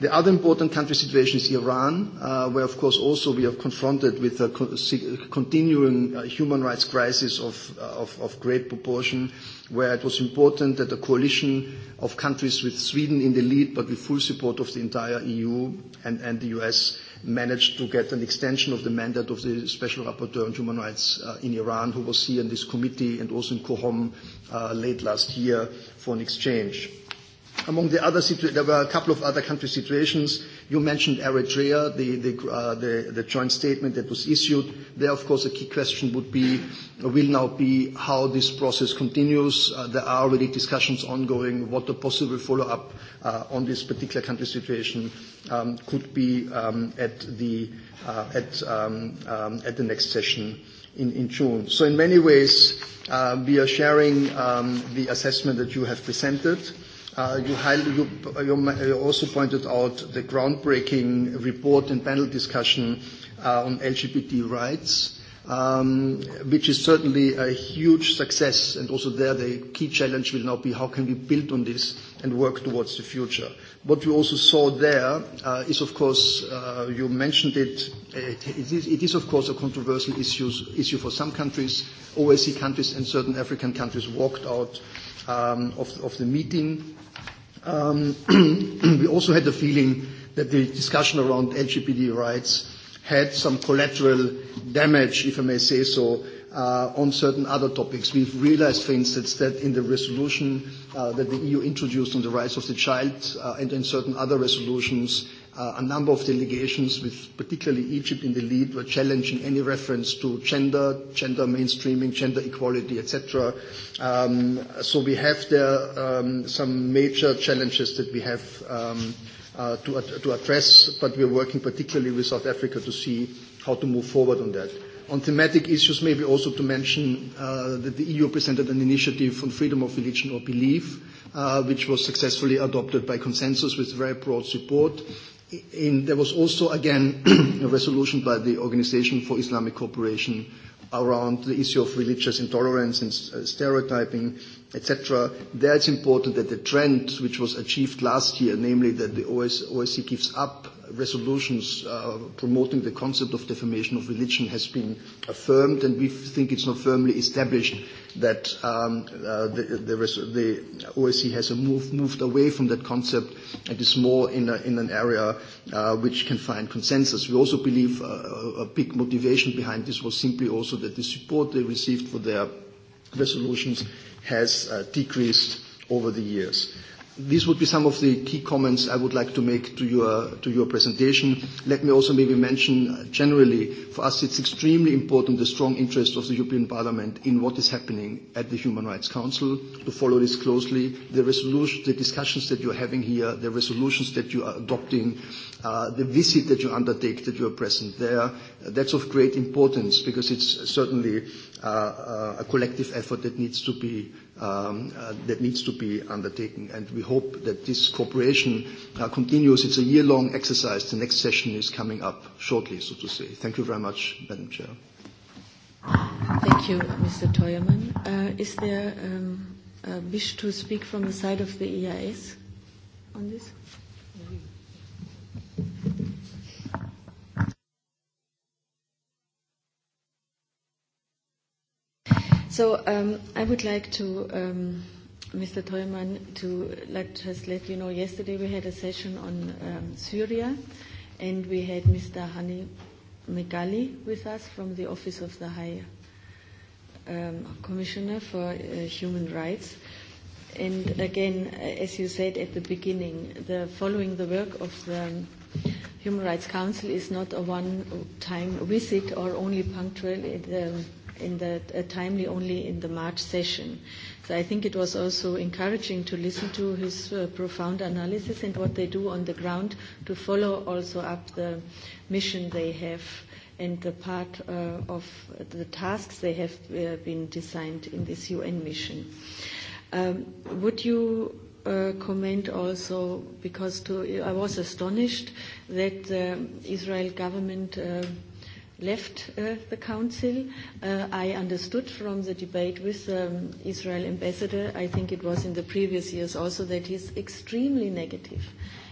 Speaker 5: The other important country situation is Iran, where, of course, also we are confronted with a continuing human rights crisis of great proportion, where it was important that a coalition of countries with Sweden in the lead, but with full support of the entire EU and the US, managed to get an extension of the mandate of the Special Rapporteur on Human Rights in Iran, who was here in this committee and also in Cohom late last year for an exchange. Among the other there were a couple of other country situations. You mentioned Eritrea, the the the joint statement that was issued. There, of course, a key question would be, will now be how this process continues. There are already discussions ongoing what the possible follow-up on this particular country situation could be at the at at the next session in in June. So in many ways, we are sharing the assessment that you have presented. You also pointed out the groundbreaking report and panel discussion on LGBT rights, which is certainly a huge success. And also there, the key challenge will now be how can we build on this and work towards the future. What we also saw there is, of course, you mentioned it, it is, of course, a controversial issue for some countries. OSCE countries and certain African countries walked out of the meeting. We also had the feeling that the discussion around LGBT rights had some collateral damage, if I may say so, on certain other topics. We've realized, for instance, that in the resolution that the EU introduced on the rights of the child and in certain other resolutions, a number of delegations, with particularly Egypt in the lead, were challenging any reference to gender, gender mainstreaming, gender equality, etc. So we have there some major challenges that we have to address, but we're working particularly with South Africa to see how to move forward on that. On thematic issues, maybe also to mention that the EU presented an initiative on freedom of religion or belief, which was successfully adopted by consensus with very broad support. There was also, again, a resolution by the Organization for Islamic Cooperation around the issue of religious intolerance and stereotyping, etc. There it's important that the trend which was achieved last year, namely that the OSCE gives up resolutions promoting the concept of defamation of religion has been affirmed, and we think it's not firmly established that the OSCE has moved away from that concept and is more in an area which can find consensus. We also believe a big motivation behind this was simply also that the support they received for their resolutions has decreased over the years. These would be some of the key comments I would like to make to your presentation. Let me also maybe mention generally, for us it's extremely important the strong interest of the European Parliament in what is happening at the Human Rights Council, to follow this closely. The the discussions that you are having here, the resolutions that you are adopting, the visit that you undertake, that you are present there, that's of great importance because it's certainly a collective effort that needs to be that needs to be undertaken. And we hope that this cooperation continues. It's a year-long exercise. The next session is coming up shortly, so to say. Thank you very much, Madam Chair.
Speaker 1: Thank you, Mr. Teuermann. Is there a wish to speak from the side of the EIS on this? So um, I would like to, um, Mr. Teumann, to let just let you know, yesterday we had a session on um, Syria, and we had Mr. Hani Megali with us from the Office of the High um, Commissioner for uh, Human Rights. And again, as you said at the beginning, the following the work of the Human Rights Council is not a one-time visit or only punctual. It, um, in the timely only in the March session. So I think it was also encouraging to listen to his profound analysis and what they do on the ground to follow also up the mission they have and the part of the tasks they have been designed in this UN mission. Would you comment also, because I was astonished that the Israel government left the Council. I understood from the debate with the Israel ambassador, I think it was in the previous years also, that he's extremely negative,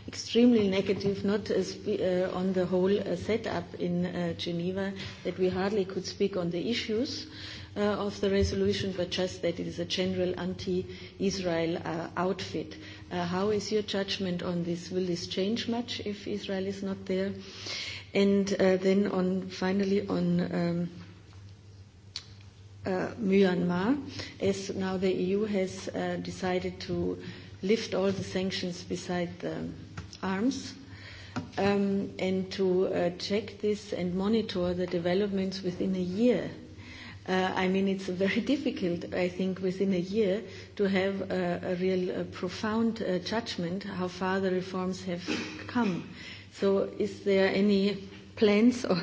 Speaker 1: extremely negative, not as on the whole setup in Geneva, that we hardly could speak on the issues of the resolution, but just that it is a general anti-Israel outfit. How is your judgment on this? Will this change much if Israel is not there? And then on finally on Myanmar, as now the EU has decided to lift all the sanctions beside the arms and to check this and monitor the developments within a year. I mean, it's very difficult, I think, within a year to have a real profound judgment how far the reforms have come. So is there any plans or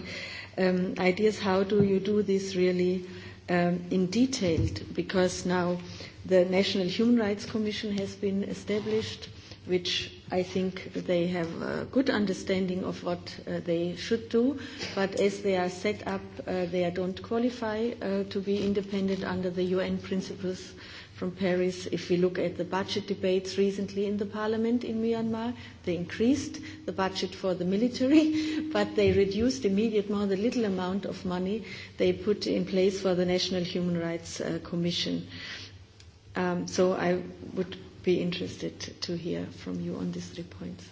Speaker 1: ideas how do you do this really in detail? Because now the National Human Rights Commission has been established, which I think they have a good understanding of what they should do, but as they are set up, they don't qualify to be independent under the UN principles from Paris, if we look at the budget debates recently in the parliament in Myanmar, they increased the budget for the military, but they reduced immediately more the little amount of money they put in place for the National Human Rights Commission. So I would be interested to hear from you on these three points.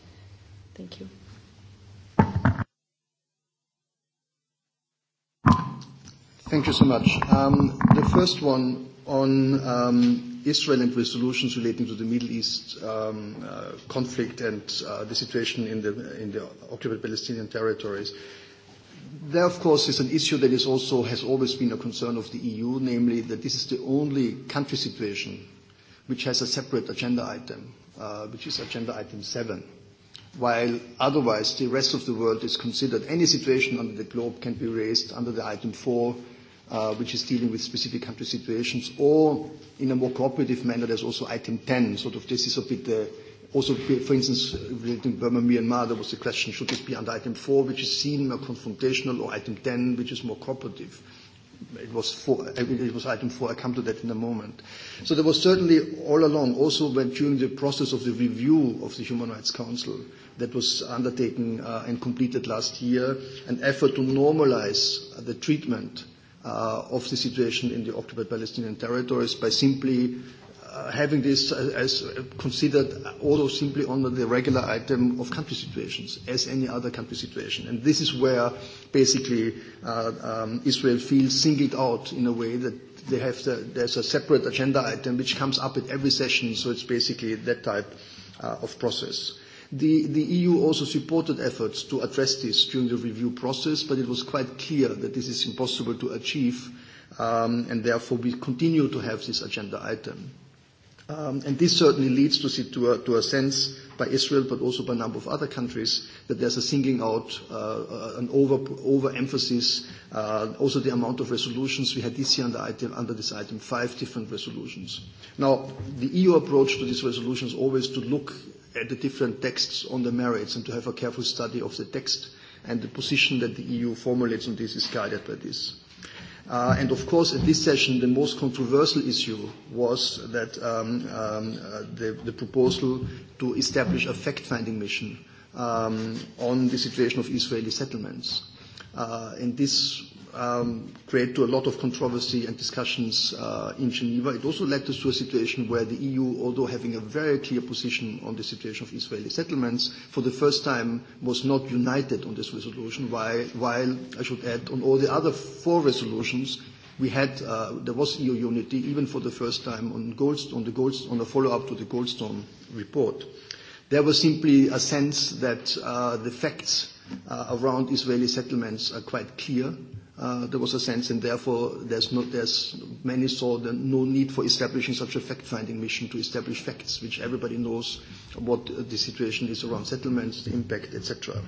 Speaker 3: Thank you.
Speaker 5: Thank you so much. The first one on Israel and resolutions relating to the Middle East conflict and the situation in the in the occupied Palestinian territories. There, of course, is an issue that is also has always been a concern of the EU, namely that this is the only country situation which has a separate agenda item, which is agenda item 7, while otherwise the rest of the world is considered any situation under the globe can be raised under the item 4 which is dealing with specific country situations, or in a more cooperative manner, there's also item 10, sort of this is a bit also, for instance, relating Burma, Myanmar, there was a question, should this be under item 4, which is seen more confrontational, or item 10, which is more cooperative? It was four, it was item 4, I'll come to that in a moment. So there was certainly all along, also when during the process of the review of the Human Rights Council, that was undertaken and completed last year, an effort to normalize the treatment of the situation in the occupied Palestinian territories by simply having this as considered although simply under the regular item of country situations, as any other country situation. And this is where basically Israel feels singled out in a way that they have there's a separate agenda item which comes up at every session, so it's basically that type of process. The EU also supported efforts to address this during the review process, but it was quite clear that this is impossible to achieve, and therefore we continue to have this agenda item. And this certainly leads to a sense by Israel, but also by a number of other countries, that there's a singling out, an over emphasis, Also the amount of resolutions we had this year under this item, five different resolutions. Now, the EU approach to these resolutions always to look at the different texts on the merits and to have a careful study of the text and the position that the EU formulates on this is guided by this. And of course, at this session, the most controversial issue was that the proposal to establish a fact-finding mission on the situation of Israeli settlements. And this create to a lot of controversy and discussions in Geneva. It also led us to a situation where the EU, although having a very clear position on the situation of Israeli settlements, for the first time was not united on this resolution, while I should add on all the other four resolutions we had there was EU unity even for the first time on Goldstone, the on a follow-up to the Goldstone report. There was simply a sense that the facts around Israeli settlements are quite clear there was a sense, and therefore there's no, there's many saw the, no need for establishing such a fact-finding mission to establish facts, which everybody knows what the situation is around settlements, the impact, etc.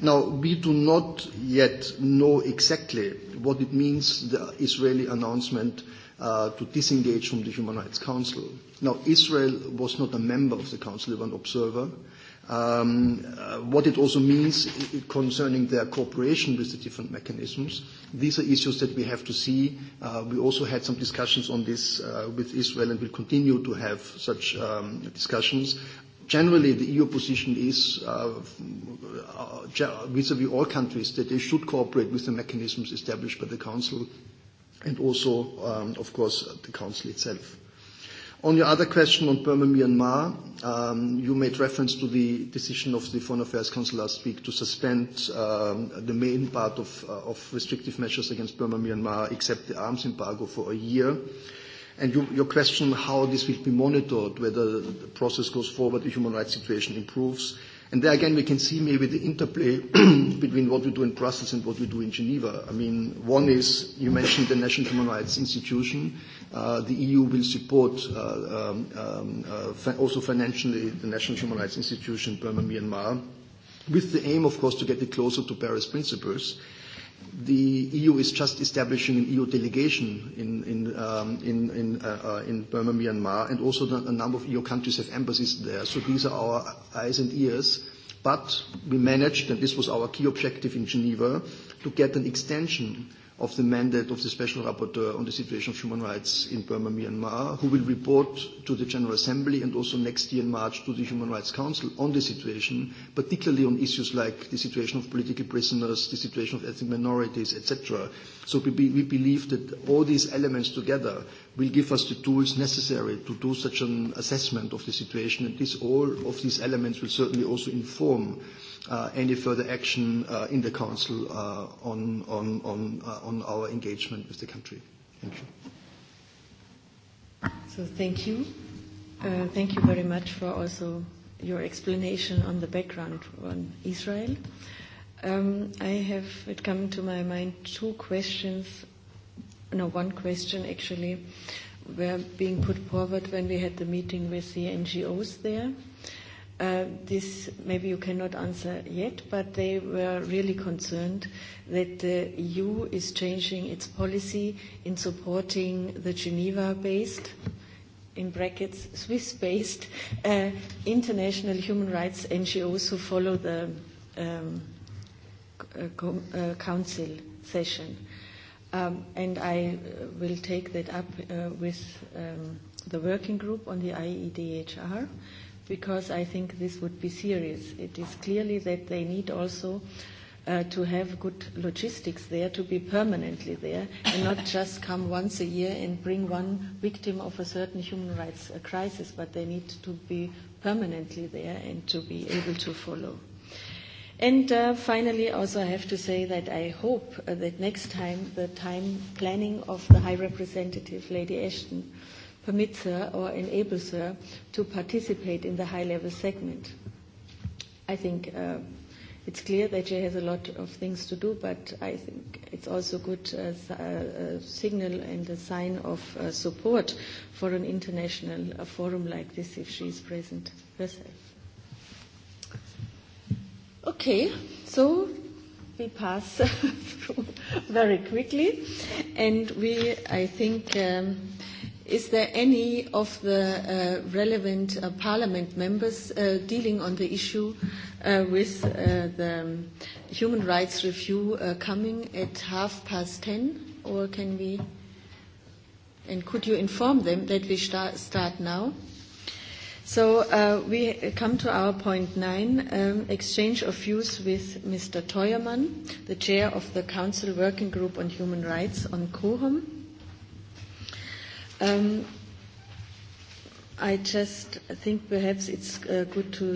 Speaker 5: Now we do not yet know exactly what it means the Israeli announcement to disengage from the Human Rights Council. Now Israel was not a member of the Council, they were an observer what it also means concerning their cooperation with the different mechanisms. These are issues that we have to see. We also had some discussions on this with Israel and will continue to have such discussions. Generally, the EU position is vis-à-vis all countries that they should cooperate with the mechanisms established by the Council and also, of course, the Council itself. On your other question on Burma, Myanmar, you made reference to the decision of the Foreign Affairs Council last week to suspend the main part of restrictive measures against Burma, Myanmar, except the arms embargo for a year. And your question how this will be monitored, whether the process goes forward, the human rights situation improves, And there again, we can see maybe the interplay between what we do in Brussels and what we do in Geneva. I mean, one is, you mentioned the National Human Rights Institution. The EU will support also financially the National Human Rights Institution, Burma, Myanmar, with the aim, of course, to get it closer to Paris principles the EU is just establishing an EU delegation in in um, in in, in Burma, Myanmar, and also a number of EU countries have embassies there. So these are our eyes and ears. But we managed, and this was our key objective in Geneva, to get an extension of the mandate of the Special Rapporteur on the situation of human rights in Burma, Myanmar, who will report to the General Assembly and also next year in March to the Human Rights Council on the situation, particularly on issues like the situation of political prisoners, the situation of ethnic minorities, etc. So we believe that all these elements together will give us the tools necessary to do such an assessment of the situation, and this all of these elements will certainly also inform any further action in the Council on on on on our engagement with the country. Thank you.
Speaker 1: So thank you. Thank you very much for also your explanation on the background on Israel. I have it come to my mind two questions, no, one question actually, were being put forward when we had the meeting with the NGOs there This maybe you cannot answer yet, but they were really concerned that the EU is changing its policy in supporting the Geneva-based, in brackets, Swiss-based, international human rights NGOs who follow the council session. And I will take that up with the working group on the IEDHR because I think this would be serious. It is clearly that they need also to have good logistics there, to be permanently there, and not just come once a year and bring one victim of a certain human rights crisis, but they need to be permanently there and to be able to follow. And finally, also I have to say that I hope that next time the time planning of the High Representative, Lady Ashton, permits her or enables her to participate in the high-level segment. I think it's clear that she has a lot of things to do, but I think it's also a good signal and a sign of support for an international forum like this if she is present herself. Okay, so we pass through very quickly, and we, I think Is there any of the relevant Parliament members dealing on the issue with the human rights review coming at half past ten, or can we? And could you inform them that we start now? So we come to our point nine, exchange of views with Mr. Teuermann, the chair of the Council Working Group on Human Rights on Cohom. I just think perhaps it's good to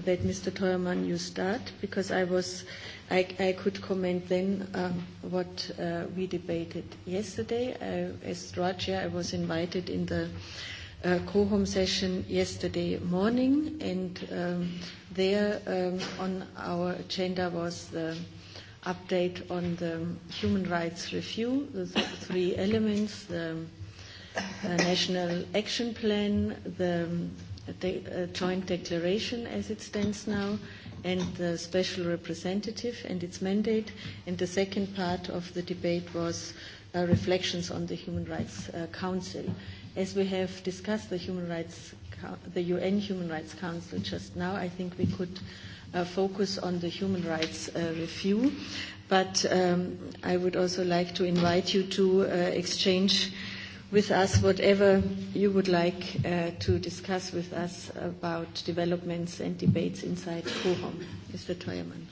Speaker 1: that Mr. Teuermann you start because I was I I could comment then what we debated yesterday. As Roger, I was invited in the co session yesterday morning and there on our agenda was the update on the human rights review, the three elements, the National Action Plan, the Joint Declaration as it stands now, and the Special Representative and its mandate. And the second part of the debate was reflections on the Human Rights Council. As we have discussed the Human Rights, the UN Human Rights Council just now, I think we could focus on the human rights review. But I would also like to invite you to exchange with us whatever you would like to discuss with us about developments and debates inside Forum. Mr. Teuermann.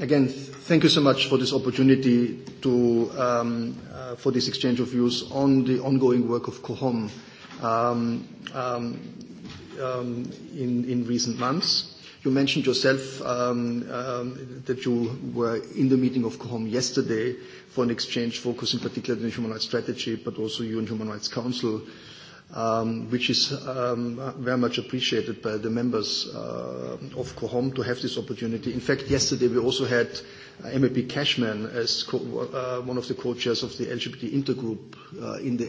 Speaker 5: Again, thank you so much for this opportunity to, for this exchange of views on the ongoing work of COHOM in, in recent months. You mentioned yourself that you were in the meeting of COHOM yesterday for an exchange focus in particular on the human rights strategy, but also UN Human Rights Council, which is um very much appreciated by the members of COHOM to have this opportunity. In fact, yesterday we also had MAP Cashman as one of the co-chairs of the LGBT intergroup in the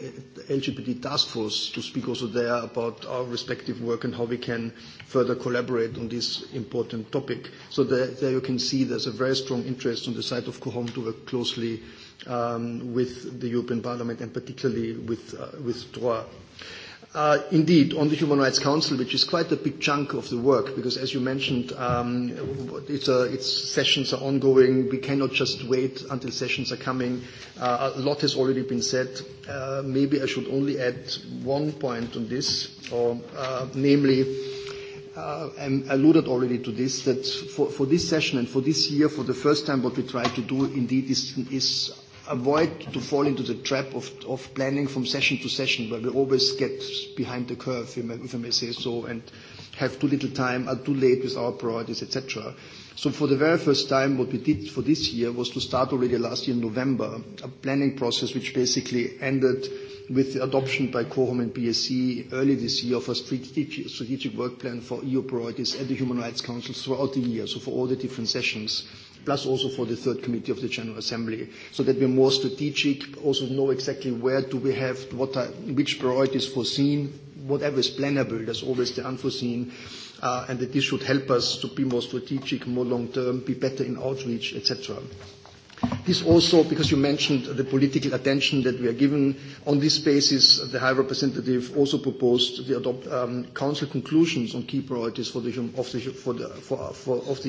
Speaker 5: LGBT task force to speak also there about our respective work and how we can further collaborate on this important topic. So there you can see there's a very strong interest on the side of COHOM to work closely with the European Parliament and particularly with DROA. Indeed, on the Human Rights Council, which is quite a big chunk of the work, because as you mentioned, its sessions are ongoing. We cannot just wait until sessions are coming. A lot has already been said. Maybe I should only add one point on this, namely, I alluded already to this, that for this session and for this year, for the first time, what we try to do indeed is avoid to fall into the trap of, of planning from session to session, where we always get behind the curve, if I may say so, and have too little time, are too late with our priorities, etc. So for the very first time, what we did for this year was to start already last year in November a planning process which basically ended with the adoption by COHOM and BSC early this year of a strategic work plan for EU priorities at the Human Rights Council throughout the year, so for all the different sessions plus also for the third committee of the General Assembly, so that we're more strategic, also know exactly where do we have, what are, which priorities foreseen, whatever is plannable, there's always the unforeseen, and that this should help us to be more strategic, more long-term, be better in outreach, etc. This also, because you mentioned the political attention that we are given, on this basis, the High Representative also proposed the adopt Council conclusions on key priorities for the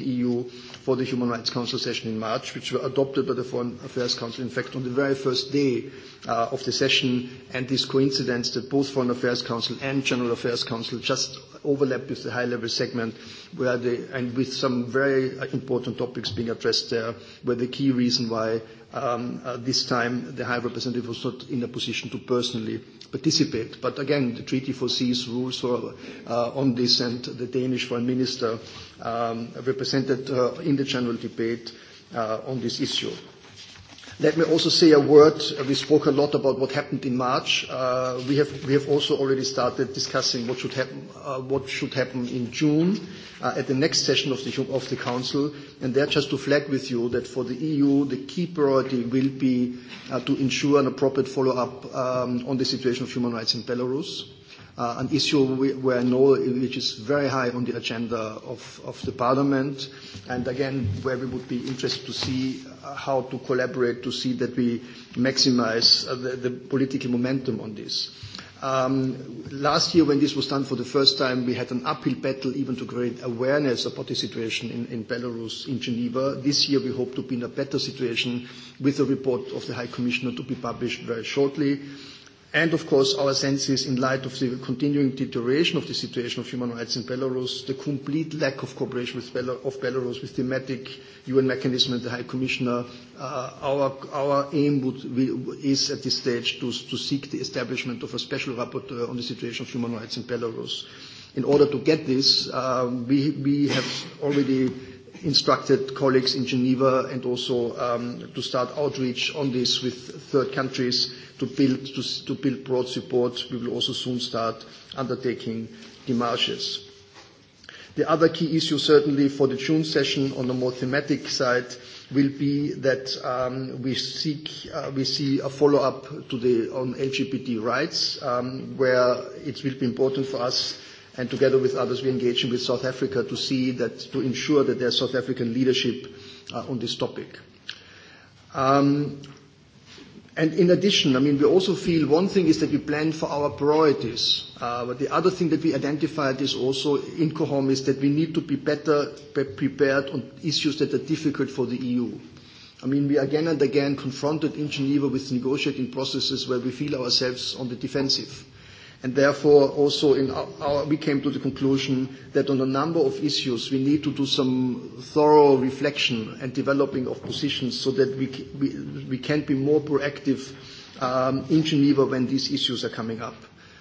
Speaker 5: EU for the Human Rights Council session in March, which were adopted by the Foreign Affairs Council, in fact, on the very first day of the session, and this coincidence that both Foreign Affairs Council and General Affairs Council just overlapped with the high-level segment, and with some very important topics being addressed there, were the key reason reason why this time the High Representative was not in a position to personally participate. But again, the treaty foresees rules on this, and the Danish Foreign Minister represented in the general debate on this issue. Let me also say a word. We spoke a lot about what happened in March. We have also already started discussing what should happen in June at the next session of the Council. And there just to flag with you that for the EU the key priority will be to ensure an appropriate follow up on the situation of human rights in Belarus an issue where I know which is very high on the agenda of the Parliament, and again where we would be interested to see how to collaborate to see that we maximize the political momentum on this. Last year, when this was done for the first time, we had an uphill battle even to create awareness about the situation in Belarus, in Geneva. This year, we hope to be in a better situation with the report of the High Commissioner to be published very shortly. And of course, our sense is, in light of the continuing deterioration of the situation of human rights in Belarus, the complete lack of cooperation of Belarus with thematic UN mechanism and the High Commissioner, our our aim is at this stage to to seek the establishment of a special rapporteur on the situation of human rights in Belarus. In order to get this, we we have already instructed colleagues in Geneva and also to start outreach on this with third countries to build to build broad support. We will also soon start undertaking demarches. The other key issue certainly for the June session on the more thematic side will be that we seek we see a follow up to the on LGBT rights, where it will be important for us and together with others we are engaging with South Africa to see that to ensure that there is South African leadership on this topic. And in addition, I mean, we also feel one thing is that we plan for our priorities. But the other thing that we identified is also in COHOM is that we need to be better prepared on issues that are difficult for the EU. I mean, we again and again confronted in Geneva with negotiating processes where we feel ourselves on the defensive therefore, also we came to the conclusion that on a number of issues we need to do some thorough reflection and developing of positions so that we, we, can be more proactive in Geneva when these issues are coming up.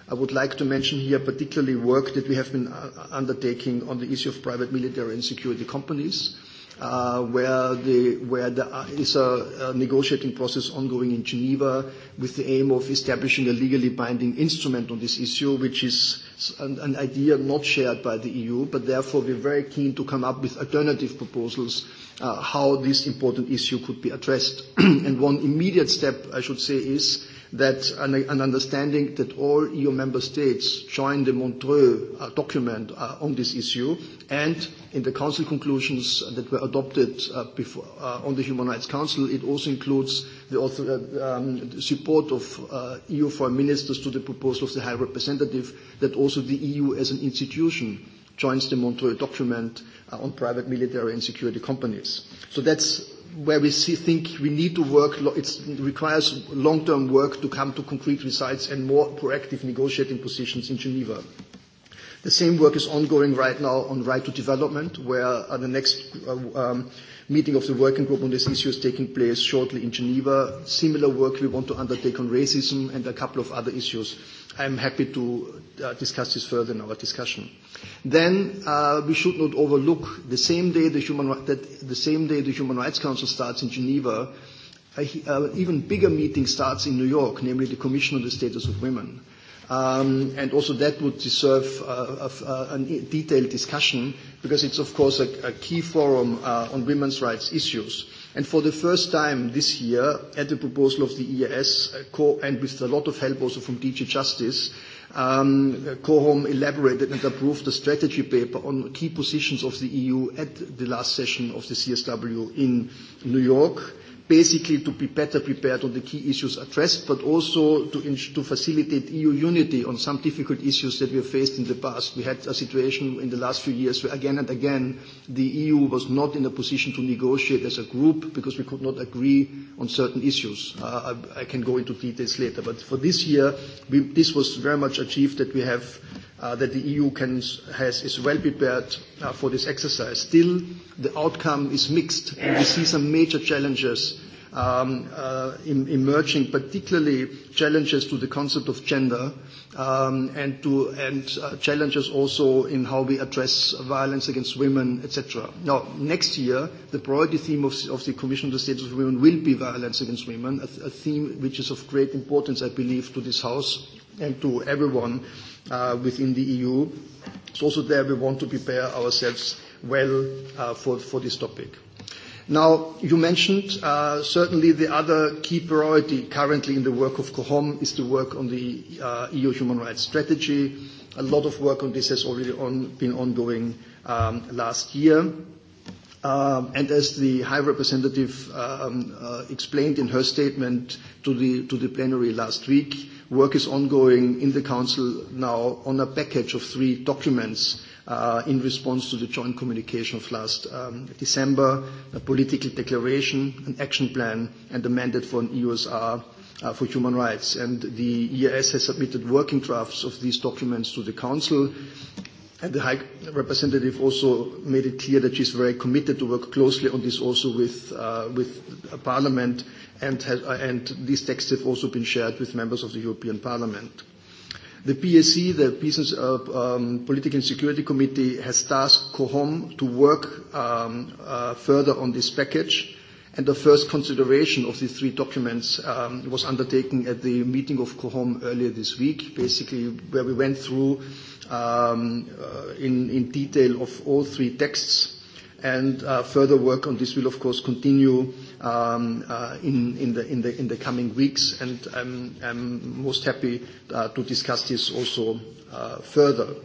Speaker 5: I would like to mention here particularly work that we have been undertaking on the issue of private military and security companies where there is a negotiating process ongoing in Geneva with the aim of establishing a legally binding instrument on this issue, which is an idea not shared by the EU, but therefore we're very keen to come up with alternative proposals how this important issue could be addressed. And one immediate step, I should say, is that an understanding that all EU member states join the Montreux document on this issue and in the Council conclusions that were adopted before on the Human Rights Council, it also includes the support of EU foreign ministers to the proposal of the High Representative that also the EU as an institution joins the Montreux document on private military and security companies. So that's where we see, think we need to work, it requires long-term work to come to concrete results and more proactive negotiating positions in Geneva. The same work is ongoing right now on right to development, where the next meeting of the working group on this issue is taking place shortly in Geneva. Similar work we want to undertake on racism and a couple of other issues. I'm happy to discuss this further in our discussion. Then we should not overlook the same day the human that the same day the Human Rights Council starts in Geneva, an even bigger meeting starts in New York, namely the Commission on the Status of Women. And also that would deserve a detailed discussion because it's of course a key forum on women's rights issues. And for the first time this year, at the proposal of the EAS, and with a lot of help also from DG Justice, COHOM elaborated and approved a strategy paper on key positions of the EU at the last session of the CSW in New York basically to be better prepared on the key issues addressed, but also to facilitate EU unity on some difficult issues that we have faced in the past. We had a situation in the last few years where again and again the EU was not in a position to negotiate as a group because we could not agree on certain issues. I can go into details later, but for this year, this was very much achieved that we have that the EU has is well prepared for this exercise. Still, the outcome is mixed, and we see some major challenges emerging, particularly challenges to the concept of gender and to and challenges also in how we address violence against women, etc. Now, next year, the priority theme of the Commission on the Status of Women will be violence against women, a theme which is of great importance, I believe, to this House and to everyone within the EU. So also there we want to prepare ourselves well for for this topic. Now, you mentioned certainly the other key priority currently in the work of COHOM is the work on the EU human rights strategy. A lot of work on this has already been ongoing last year. And as the High Representative explained in her statement to the plenary last week, Work is ongoing in the Council now on a package of three documents in response to the joint communication of last December, a political declaration, an action plan, and a mandate for an EUSR for human rights. And the EAS has submitted working drafts of these documents to the Council. And the High Representative also made it clear that she's very committed to work closely on this also with with Parliament and and these texts have also been shared with members of the European Parliament. The PSC, the Business Political and Security Committee, has tasked COHOM to work further on this package, and the first consideration of these three documents was undertaken at the meeting of COHOM earlier this week, basically where we went through in detail of all three texts. And further work on this will, of course, continue in the coming weeks. And I'm most happy to discuss this also further.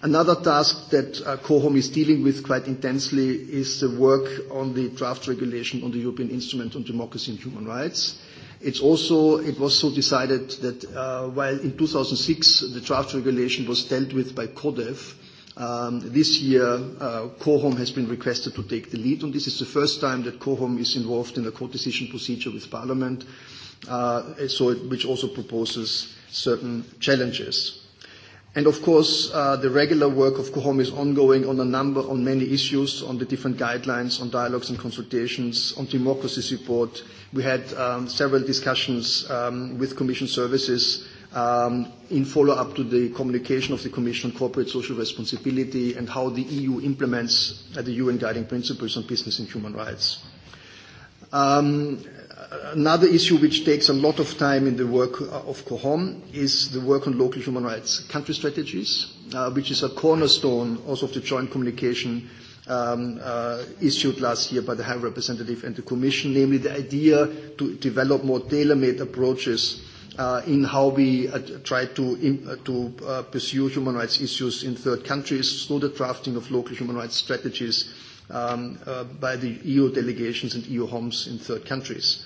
Speaker 5: Another task that COHOM is dealing with quite intensely is the work on the draft regulation on the European Instrument on Democracy and Human Rights. It's also, it was so decided that while in 2006 the draft regulation was dealt with by CODEF, this year COHOM has been requested to take the lead, and this is the first time that COHOM is involved in a co-decision procedure with Parliament, so which also proposes certain challenges. And of course, the regular work of COHOM is ongoing on a number, on many issues, on the different guidelines, on dialogues and consultations, on democracy support. We had several discussions with Commission services in follow-up to the communication of the Commission on corporate social responsibility and how the EU implements the UN guiding principles on business and human rights. Another issue which takes a lot of time in the work of COHOM is the work on local human rights country strategies, which is a cornerstone also of the joint communication issued last year by the High Representative and the Commission, namely the idea to develop more tailor-made approaches in how we try to pursue human rights issues in third countries through the drafting of local human rights strategies by the EU delegations and EU homes in third countries.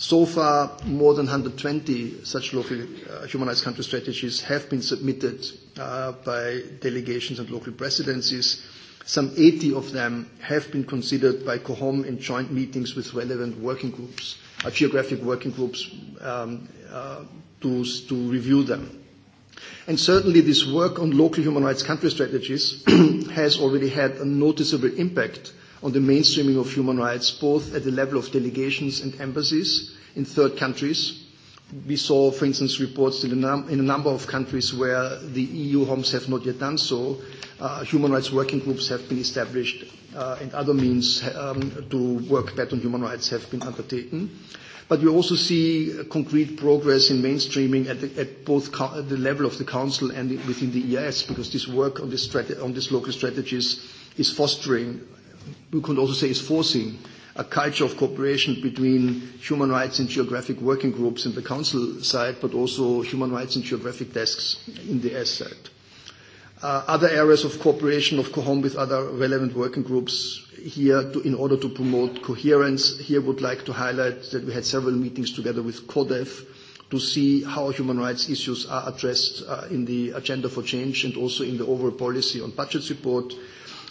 Speaker 5: So far, more than 120 such local human rights country strategies have been submitted by delegations and local presidencies. Some 80 of them have been considered by COHOM in joint meetings with relevant working groups, geographic working groups, to review them. And certainly this work on local human rights country strategies has already had a noticeable impact on the mainstreaming of human rights, both at the level of delegations and embassies in third countries. We saw, for instance, reports in a number of countries where the EU homes have not yet done so. Human rights working groups have been established and other means to work better on human rights have been undertaken. But we also see concrete progress in mainstreaming at both the level of the Council and within the EIS, because this work on these local strategies is fostering we could also say is forcing a culture of cooperation between human rights and geographic working groups in the Council side, but also human rights and geographic desks in the S side. Other areas of cooperation of COHOM with other relevant working groups here in order to promote coherence. Here would like to highlight that we had several meetings together with CODEF to see how human rights issues are addressed in the agenda for change and also in the overall policy on budget support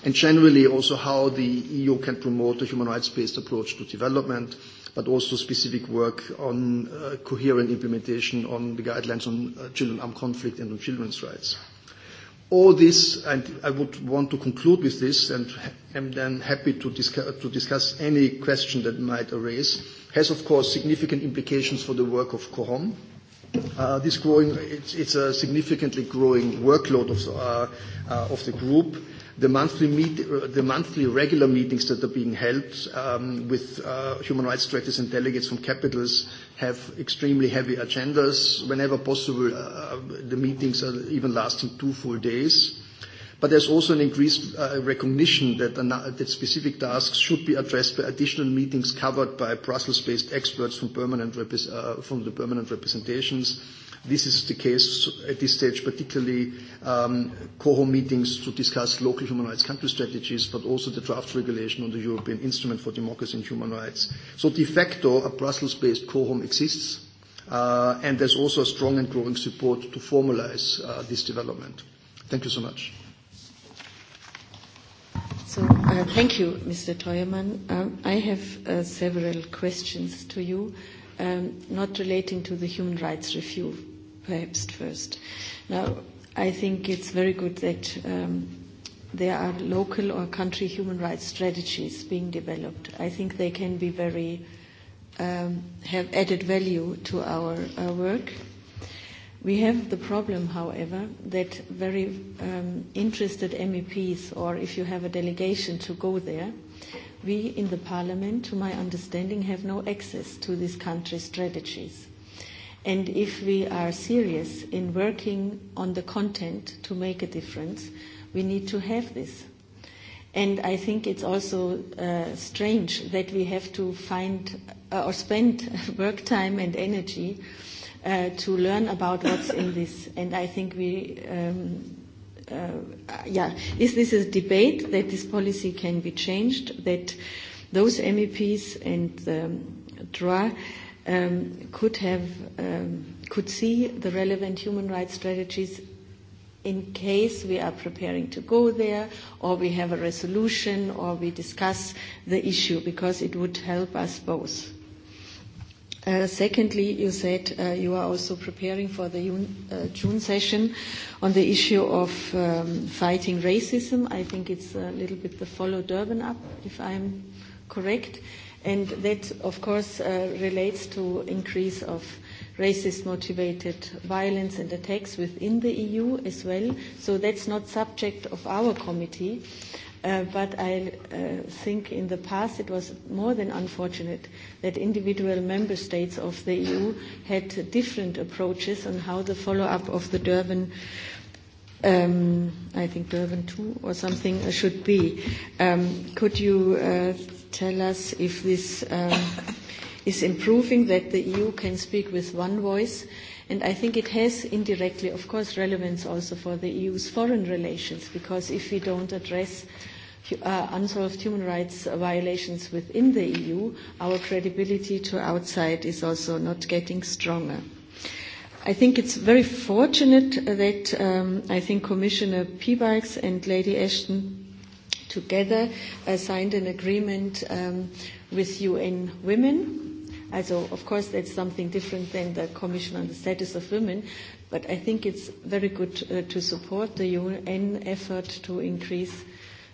Speaker 5: and generally also how the EU can promote a human rights-based approach to development, but also specific work on coherent implementation on the guidelines on children armed conflict and on children's rights. All this, and I would want to conclude with this, and am then happy to discuss any question that might arise, has of course significant implications for the work of COHOM. This growing, it's a significantly growing workload of the group the monthly regular meetings that are being held with human rights strategists and delegates from capitals have extremely heavy agendas. Whenever possible, the meetings are even lasting two full days. But there's also an increased recognition that specific tasks should be addressed by additional meetings covered by Brussels-based experts from the permanent representations This is the case at this stage, particularly coho meetings to discuss local human rights country strategies, but also the draft regulation on the European Instrument for Democracy and Human Rights. So de facto, a Brussels-based CoHo exists, and there's also a strong and growing support to formalize this development. Thank you so much.
Speaker 1: So thank you, Mr. Teuermann. I have several questions to you, not relating to the human rights review, perhaps first. Now, I think it's very good that there are local or country human rights strategies being developed. I think they can be very have added value to our work. We have the problem, however, that very interested MEPs, or if you have a delegation to go there, we in the Parliament, to my understanding, have no access to these country strategies. And if we are serious in working on the content to make a difference, we need to have this. And I think it's also strange that we have to find or spend work time and energy to learn about what's in this. And I think we, yeah, is this a debate that this policy can be changed, that those MEPs and DRA could have could see the relevant human rights strategies in case we are preparing to go there or we have a resolution or we discuss the issue because it would help us both. Secondly, you said you are also preparing for the June session on the issue of fighting racism. I think it's a little bit the follow Durban up, if I'm correct and that of course relates to increase of racist motivated violence and attacks within the EU as well so that's not subject of our committee but I think in the past it was more than unfortunate that individual member states of the EU had different approaches on how the follow-up of the Durban, I think Durban 2 or something, should be. Could you tell us if this is improving, that the EU can speak with one voice. And I think it has indirectly, of course, relevance also for the EU's foreign relations, because if we don't address unsolved human rights violations within the EU, our credibility to outside is also not getting stronger. I think it's very fortunate that I think Commissioner Piebalgs and Lady Ashton together signed an agreement with UN Women. Also, of course, that's something different than the Commission on the Status of Women, but I think it's very good to support the UN effort to increase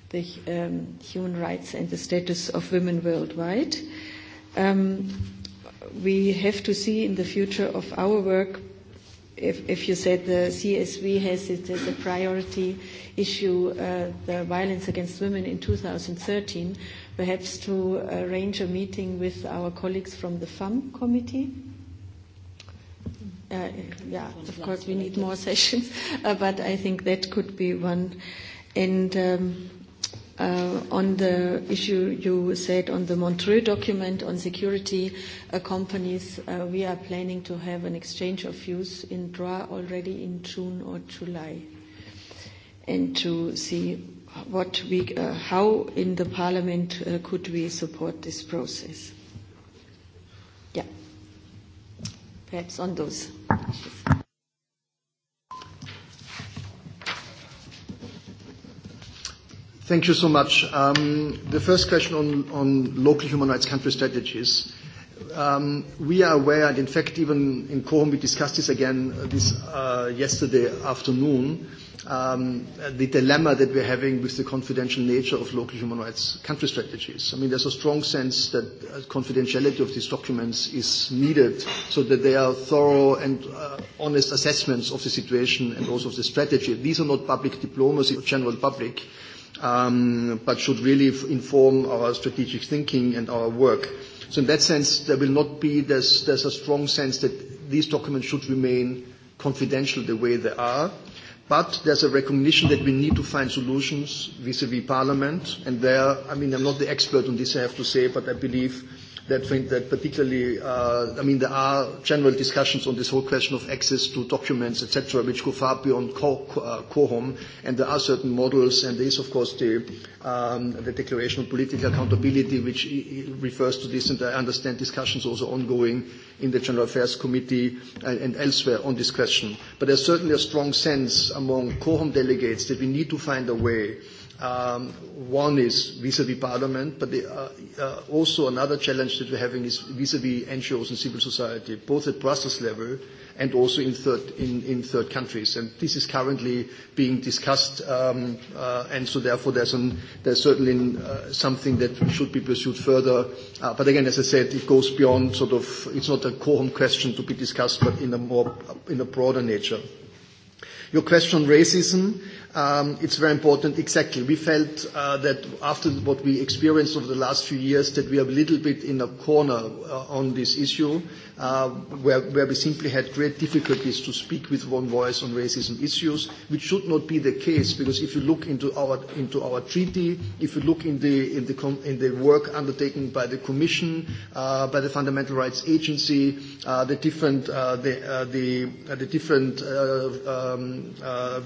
Speaker 1: the human rights and the status of women worldwide. We have to see in the future of our work if you said the CSV has it as a priority issue, the violence against women in 2013, perhaps to arrange a meeting with our colleagues from the FAM committee. Yeah, of course we need more sessions, but I think that could be one. And on the issue you said on the Montreux document on security companies, we are planning to have an exchange of views in DRA already in June or July, and to see what we, how in the Parliament could we support this process. Yeah, perhaps on those.
Speaker 5: Thank you so much. Um, the first question on, on local human rights country strategies. Um, we are aware, and in fact, even in Cohen we discussed this again this uh, yesterday afternoon, um, the dilemma that we're having with the confidential nature of local human rights country strategies. I mean, there's a strong sense that confidentiality of these documents is needed so that they are thorough and honest assessments of the situation and also of the strategy. These are not public diplomacy or general public but should really inform our strategic thinking and our work. So in that sense, there will not be, there's a strong sense that these documents should remain confidential the way they are, but there's a recognition that we need to find solutions vis-à-vis Parliament, and there, I mean, I'm not the expert on this, I have to say, but I believe that think that particularly, I mean, there are general discussions on this whole question of access to documents, etc., which go far beyond quorum, and there are certain models, and there is, of course, the declaration of political accountability, which refers to this, and I understand discussions also ongoing in the General Affairs Committee and elsewhere on this question. But there's certainly a strong sense among quorum delegates that we need to find a way One is vis-à-vis Parliament, but also another challenge that we're having is vis-à-vis NGOs and civil society, both at Brussels level and also in third in third countries. And this is currently being discussed, and so therefore there's there's certainly something that should be pursued further. But again, as I said, it goes beyond sort of it's not a core question to be discussed, but in a more in a broader nature. Your question on racism. It's very important. Exactly. We felt that after what we experienced over the last few years that we are a little bit in a corner on this issue where where we simply had great difficulties to speak with one voice on racism issues, which should not be the case because if you look into our into our treaty, if you look in the in the in the work undertaken by the Commission, by the Fundamental Rights Agency, the different the the different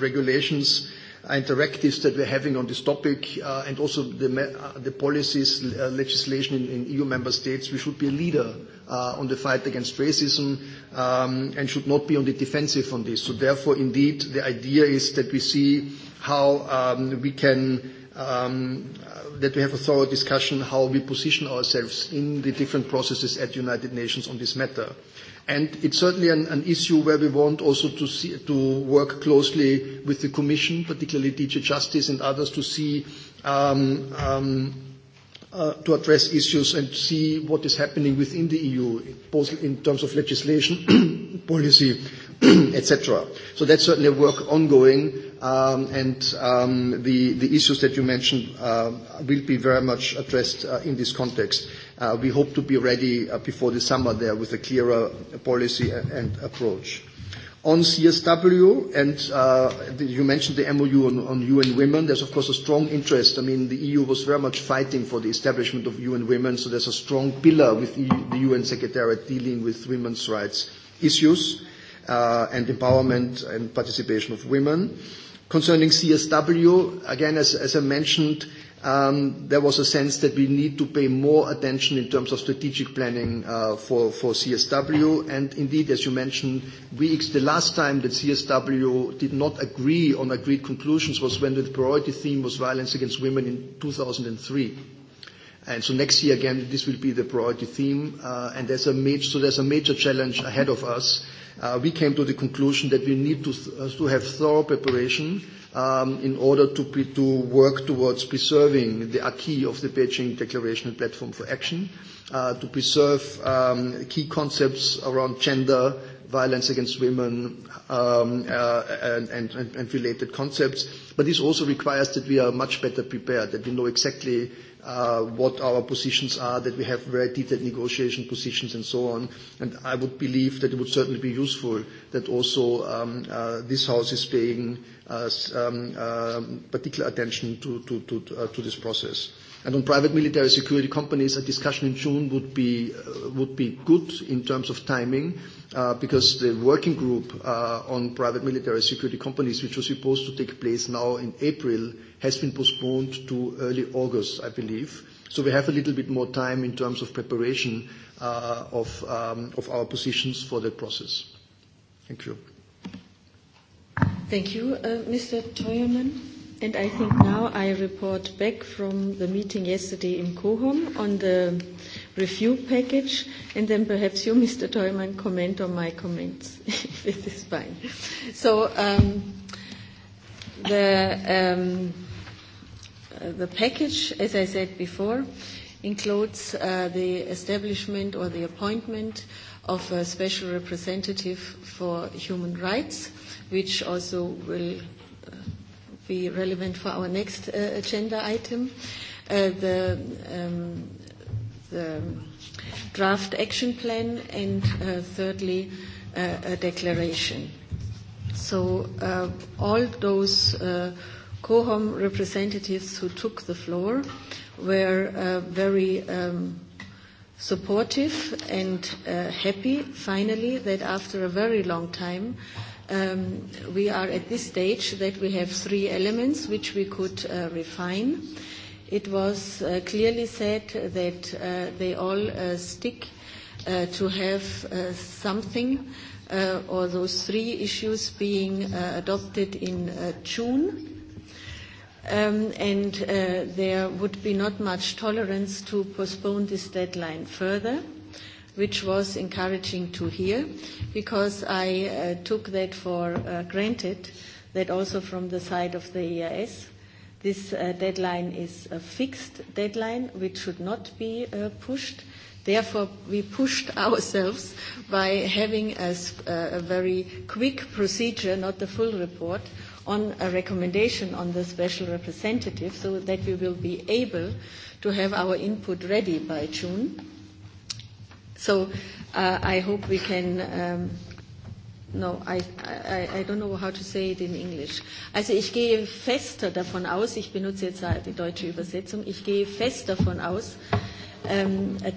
Speaker 5: regulations interactives that we're having on this topic and also the policies, legislation in EU member states. We should be a leader on the fight against racism and should not be on the defensive on this. So therefore, indeed, the idea is that we see how we can that we have a thorough discussion how we position ourselves in the different processes at the United Nations on this matter. And it's certainly an issue where we want also to to work closely with the Commission, particularly DJ Justice and others, to see to address issues and see what is happening within the EU, both in terms of legislation, policy, etc. So that's certainly work ongoing, and the issues that you mentioned will be very much addressed in this context. We hope to be ready before the summer there with a clearer policy and approach. On CSW, and you mentioned the MOU on UN women, there's of course a strong interest. I mean, the EU was very much fighting for the establishment of UN women, so there's a strong pillar with the UN Secretariat dealing with women's rights issues and empowerment and participation of women. Concerning CSW, again, as I mentioned, there was a sense that we need to pay more attention in terms of strategic planning for CSW. And indeed, as you mentioned, the last time that CSW did not agree on agreed conclusions was when the priority theme was violence against women in 2003. And so next year, again, this will be the priority theme. And there's a so there's a major challenge ahead of us we came to the conclusion that we need to to have thorough preparation in order to to work towards preserving the acquis of the Beijing Declaration and Platform for Action, to preserve key concepts around gender violence against women and and related concepts. But this also requires that we are much better prepared, that we know exactly what our positions are, that we have very detailed negotiation positions and so on. And I would believe that it would certainly be useful that also this House is paying particular attention to to to this process. And on private military security companies, a discussion in June would be would be good in terms of timing, because the working group on private military security companies, which was supposed to take place now in April, has been postponed to early August, I believe. So we have a little bit more time in terms of preparation of of our positions for the process. Thank you.
Speaker 1: Thank you, Mr. Toyerman. And I think now I report back from the meeting yesterday in Cohom on the review package, and then perhaps you, Mr. Teumann, comment on my comments, if it is fine. So um, the, um, the package, as I said before, includes uh, the establishment or the appointment of a special representative for human rights, which also will be relevant for our next agenda item, the draft action plan, and thirdly, a declaration. So all those COHOM representatives who took the floor were very supportive and happy, finally, that after a very long time, we are at this stage that we have three elements which we could refine. It was clearly said that they all stick to have something or those three issues being adopted in June and there would be not much tolerance to postpone this deadline further which was encouraging to hear, because I took that for granted that also from the side of the EIS. This deadline is a fixed deadline which should not be pushed. Therefore, we pushed ourselves by having a very quick procedure, not the full report, on a recommendation on the special representative so that we will be able to have our input ready by June So I hope we can. No, I, I, I don't know how to say it in English. Also ich gehe fester davon aus, ich benutze jetzt die deutsche Übersetzung, ich gehe fest davon aus,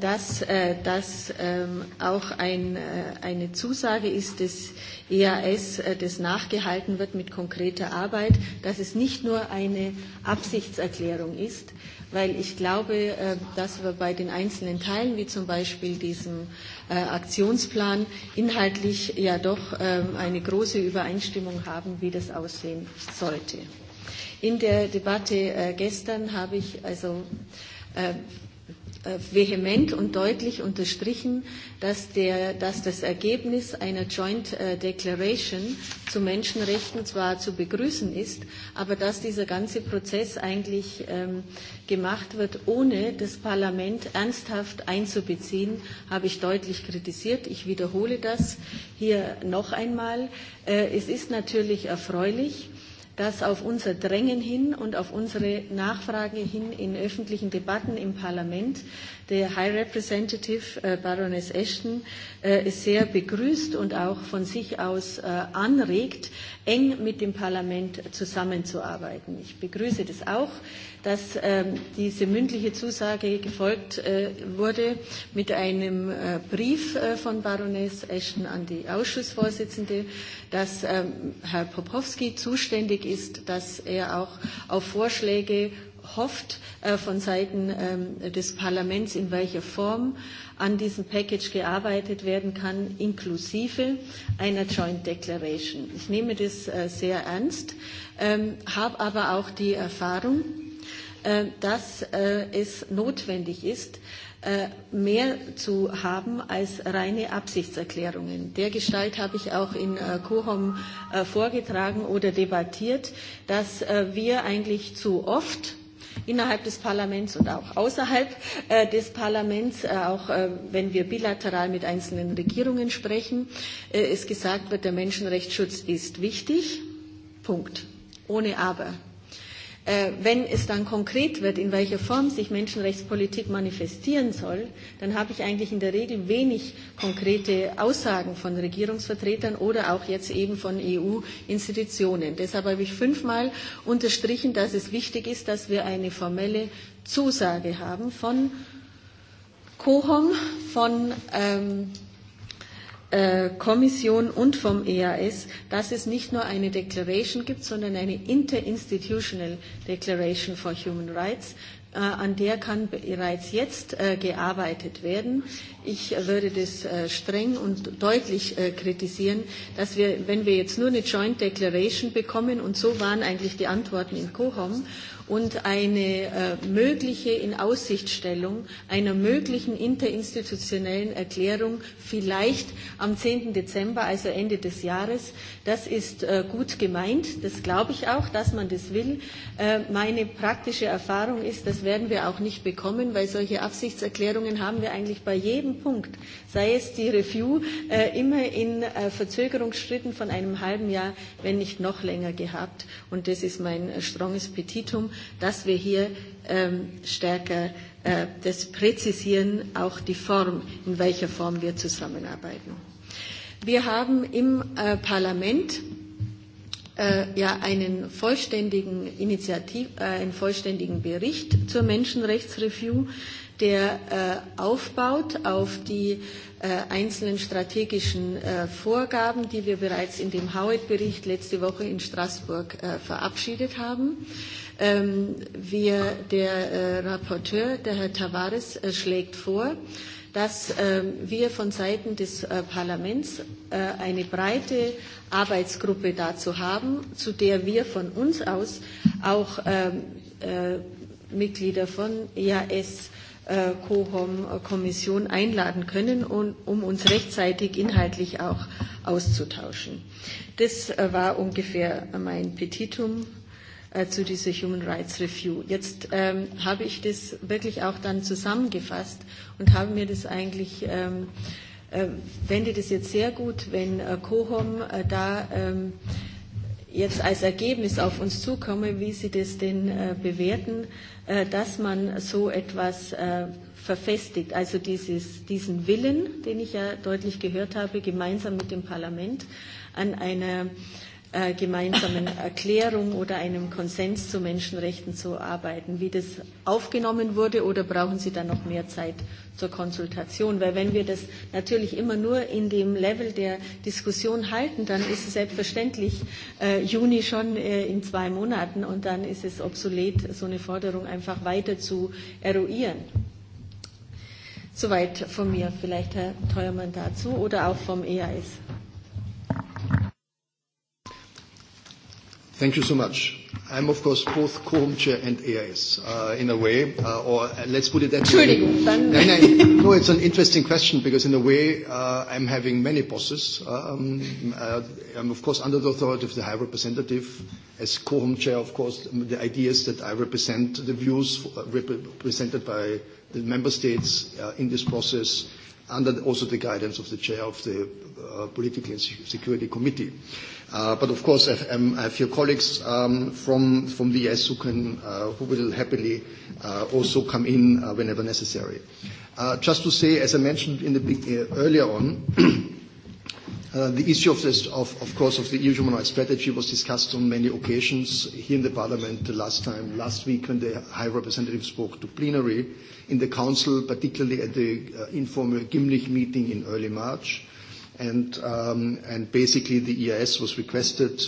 Speaker 1: dass das auch eine Zusage ist des EAS, das nachgehalten wird mit konkreter Arbeit, dass es nicht nur eine Absichtserklärung ist, weil ich glaube, dass wir bei den einzelnen Teilen, wie zum Beispiel diesem Aktionsplan, inhaltlich ja doch eine große Übereinstimmung haben, wie das aussehen sollte. In der Debatte gestern habe ich also vehement und deutlich unterstrichen, dass, das Ergebnis einer Joint Declaration zu Menschenrechten zwar zu begrüßen ist, aber dass dieser ganze Prozess eigentlich gemacht wird, ohne das Parlament ernsthaft einzubeziehen, habe ich deutlich kritisiert. Ich wiederhole das hier noch einmal. Es ist natürlich erfreulich, dass auf unser Drängen hin und auf unsere Nachfrage hin in öffentlichen Debatten im Parlament der High Representative Baroness Ashton sehr begrüßt und auch von sich aus anregt, eng mit dem Parlament zusammenzuarbeiten. Ich begrüße das auch, dass diese mündliche Zusage gefolgt wurde mit einem Brief von Baroness Ashton an die Ausschussvorsitzende, dass Herr Popowski zuständig ist, dass er auch auf Vorschläge hofft von Seiten des Parlaments, in welcher Form an diesem Package gearbeitet werden kann, inklusive einer Joint Declaration. Ich nehme das sehr ernst, habe aber auch die Erfahrung, dass es notwendig ist, mehr zu haben als reine Absichtserklärungen. Der Gestalt habe ich auch in COHOM vorgetragen oder debattiert, dass wir eigentlich zu oft innerhalb des Parlaments und auch außerhalb des Parlaments, auch wenn wir bilateral mit einzelnen Regierungen sprechen, es gesagt wird, der Menschenrechtsschutz ist wichtig. Punkt. Ohne Aber. Wenn es dann konkret wird, in welcher Form sich Menschenrechtspolitik manifestieren soll, dann habe ich eigentlich in der Regel wenig konkrete Aussagen von Regierungsvertretern oder auch jetzt eben von EU-Institutionen. Deshalb habe ich fünfmal unterstrichen, dass es wichtig ist, dass wir eine formelle Zusage haben von COHOM, von Kommission und vom EAS, dass es nicht nur eine Declaration gibt, sondern eine Interinstitutional Declaration for Human Rights. An der kann bereits jetzt gearbeitet werden. Ich würde das streng und deutlich kritisieren, dass wir, wenn wir jetzt nur eine Joint Declaration bekommen, und so waren eigentlich die Antworten in COHOM, und eine mögliche In Inaussichtstellung einer möglichen interinstitutionellen Erklärung vielleicht am 10. Dezember, also Ende des Jahres. Das ist gut gemeint, das glaube ich auch, dass man das will. Meine praktische Erfahrung ist, das werden wir auch nicht bekommen, weil solche Absichtserklärungen haben wir eigentlich bei jedem Punkt, sei es die Review, immer in Verzögerungsschritten von einem halben Jahr, wenn nicht noch länger gehabt. Und das ist mein stronges Petitum dass wir hier stärker das präzisieren, auch die Form, in welcher Form wir zusammenarbeiten. Wir haben im Parlament ja einen vollständigen einen vollständigen Bericht zur Menschenrechtsreview, der aufbaut auf die einzelnen strategischen Vorgaben, die wir bereits in dem Howitt-Bericht letzte Woche in Straßburg verabschiedet haben. Wir, der Rapporteur, der Herr Tavares, schlägt vor, dass wir von Seiten des Parlaments eine breite Arbeitsgruppe dazu haben, zu der wir von uns aus auch Mitglieder von EAS, COHOM, Kommission einladen können, um uns rechtzeitig inhaltlich auch auszutauschen. Das war ungefähr mein Petitum zu dieser Human Rights Review. Jetzt habe ich das wirklich auch dann zusammengefasst und habe mir das eigentlich wende das jetzt sehr gut, wenn COHOM da jetzt als Ergebnis auf uns zukomme, wie Sie das denn bewerten, dass man so etwas verfestigt, also dieses, diesen Willen, den ich ja deutlich gehört habe, gemeinsam mit dem Parlament an einer gemeinsamen Erklärung oder einem Konsens zu Menschenrechten zu arbeiten, wie das aufgenommen wurde, oder brauchen Sie dann noch mehr Zeit zur Konsultation? Weil wenn wir das natürlich immer nur in dem Level der Diskussion halten, dann ist es selbstverständlich Juni schon in zwei Monaten und dann ist es obsolet, so eine Forderung einfach weiter zu eruieren. Soweit von mir, vielleicht Herr Teuermann dazu oder auch vom EAS.
Speaker 5: Thank you so much. I'm, of course, both Co-Chair and AIS in a way, or let's put it that way. No, it's an interesting question because in a way I'm having many bosses. I'm, of course, under the authority of the High Representative. As quorum chair of course, the ideas that I represent, the views represented by the member states in this process, under also the guidance of the Chair of the Political and Security Committee. But of course, I have your colleagues from from the ES who can who will happily also come in whenever necessary. Just to say, as I mentioned in the earlier on, the issue of this of of course of the EU human rights strategy was discussed on many occasions here in the Parliament last time last week when the High Representative spoke to plenary in the Council, particularly at the informal Gimlich meeting in early March And and basically the EIS was requested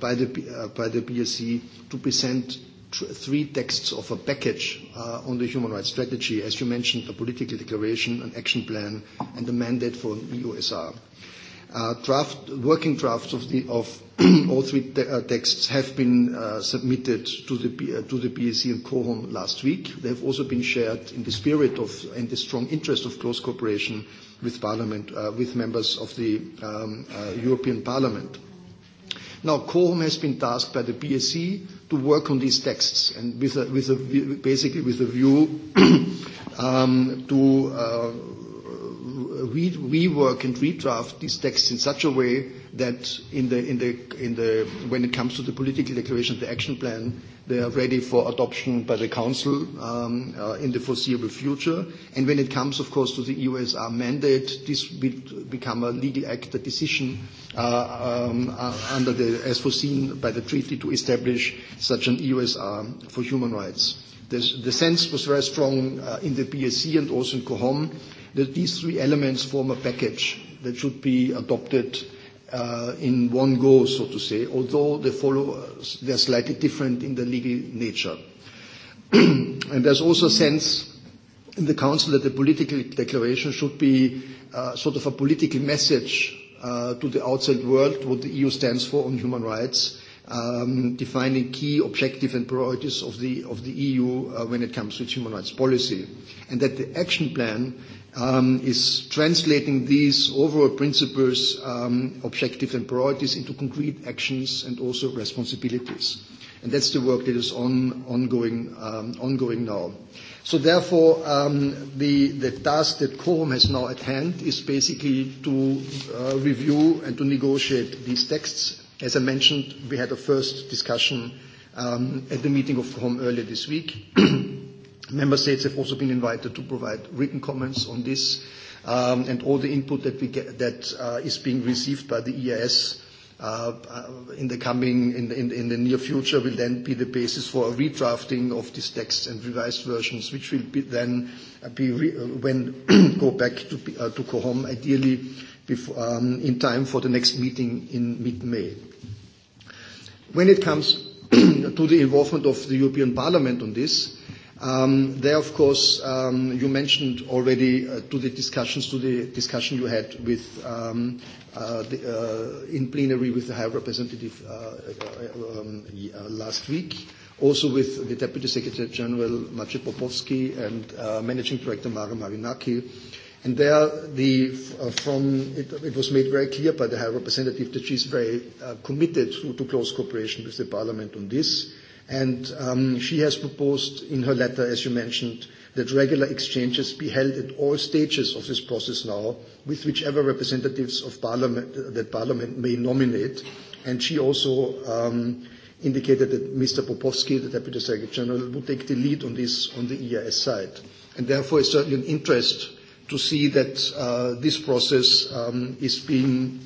Speaker 5: by the by the BSE to present three texts of a package on the human rights strategy, as you mentioned, a political declaration, an action plan, and a mandate for an EUSR. Draft, working drafts of the of all three texts have been submitted to the to the BSE and COHOM last week. They have also been shared in the spirit of and the strong interest of close cooperation with Parliament, with members of the European Parliament. Now, Quorum has been tasked by the BSC to work on these texts and with with basically with a view um to We rework and redraft these texts in such a way that in the, in the, in the, when it comes to the political declaration, the action plan, they are ready for adoption by the Council in the foreseeable future. And when it comes, of course, to the EUSR mandate, this will become a legal act, a decision under the, as foreseen by the treaty to establish such an EUSR for human rights. The sense was very strong in the BSC and also in COHOM that these three elements form a package that should be adopted in one go, so to say, although they follow, they're slightly different in the legal nature. And there's also a sense in the Council that the political declaration should be sort of a political message to the outside world what the EU stands for on human rights, defining key objectives and priorities of the EU when it comes to its human rights policy, and that the action plan is translating these overall principles, objectives and priorities into concrete actions and also responsibilities. And that's the work that is ongoing ongoing now. So therefore, the task that Quorum has now at hand is basically to review and to negotiate these texts. As I mentioned, we had a first discussion at the meeting of Quorum earlier this week. Member States have also been invited to provide written comments on this, and all the input that we get that is being received by the EAS in the coming in the near future will then be the basis for a redrafting of these texts and revised versions, which will then be when go back to to COHOM ideally before in time for the next meeting in mid-May. When it comes to the involvement of the European Parliament on this. There, of course, you mentioned already to the discussions, to the discussion you had with in plenary with the High Representative last week, also with the Deputy Secretary General Maciej Popowski and Managing Director Mara Marinaki. And there, the from it was made very clear by the High Representative that she is very committed to close cooperation with the Parliament on this. And she has proposed in her letter, as you mentioned, that regular exchanges be held at all stages of this process now, with whichever representatives of Parliament that Parliament may nominate. And she also indicated that Mr. Popovsky, the Deputy Secretary General, would take the lead on this on the EIS side. And therefore, it's certainly an interest to see that this process is being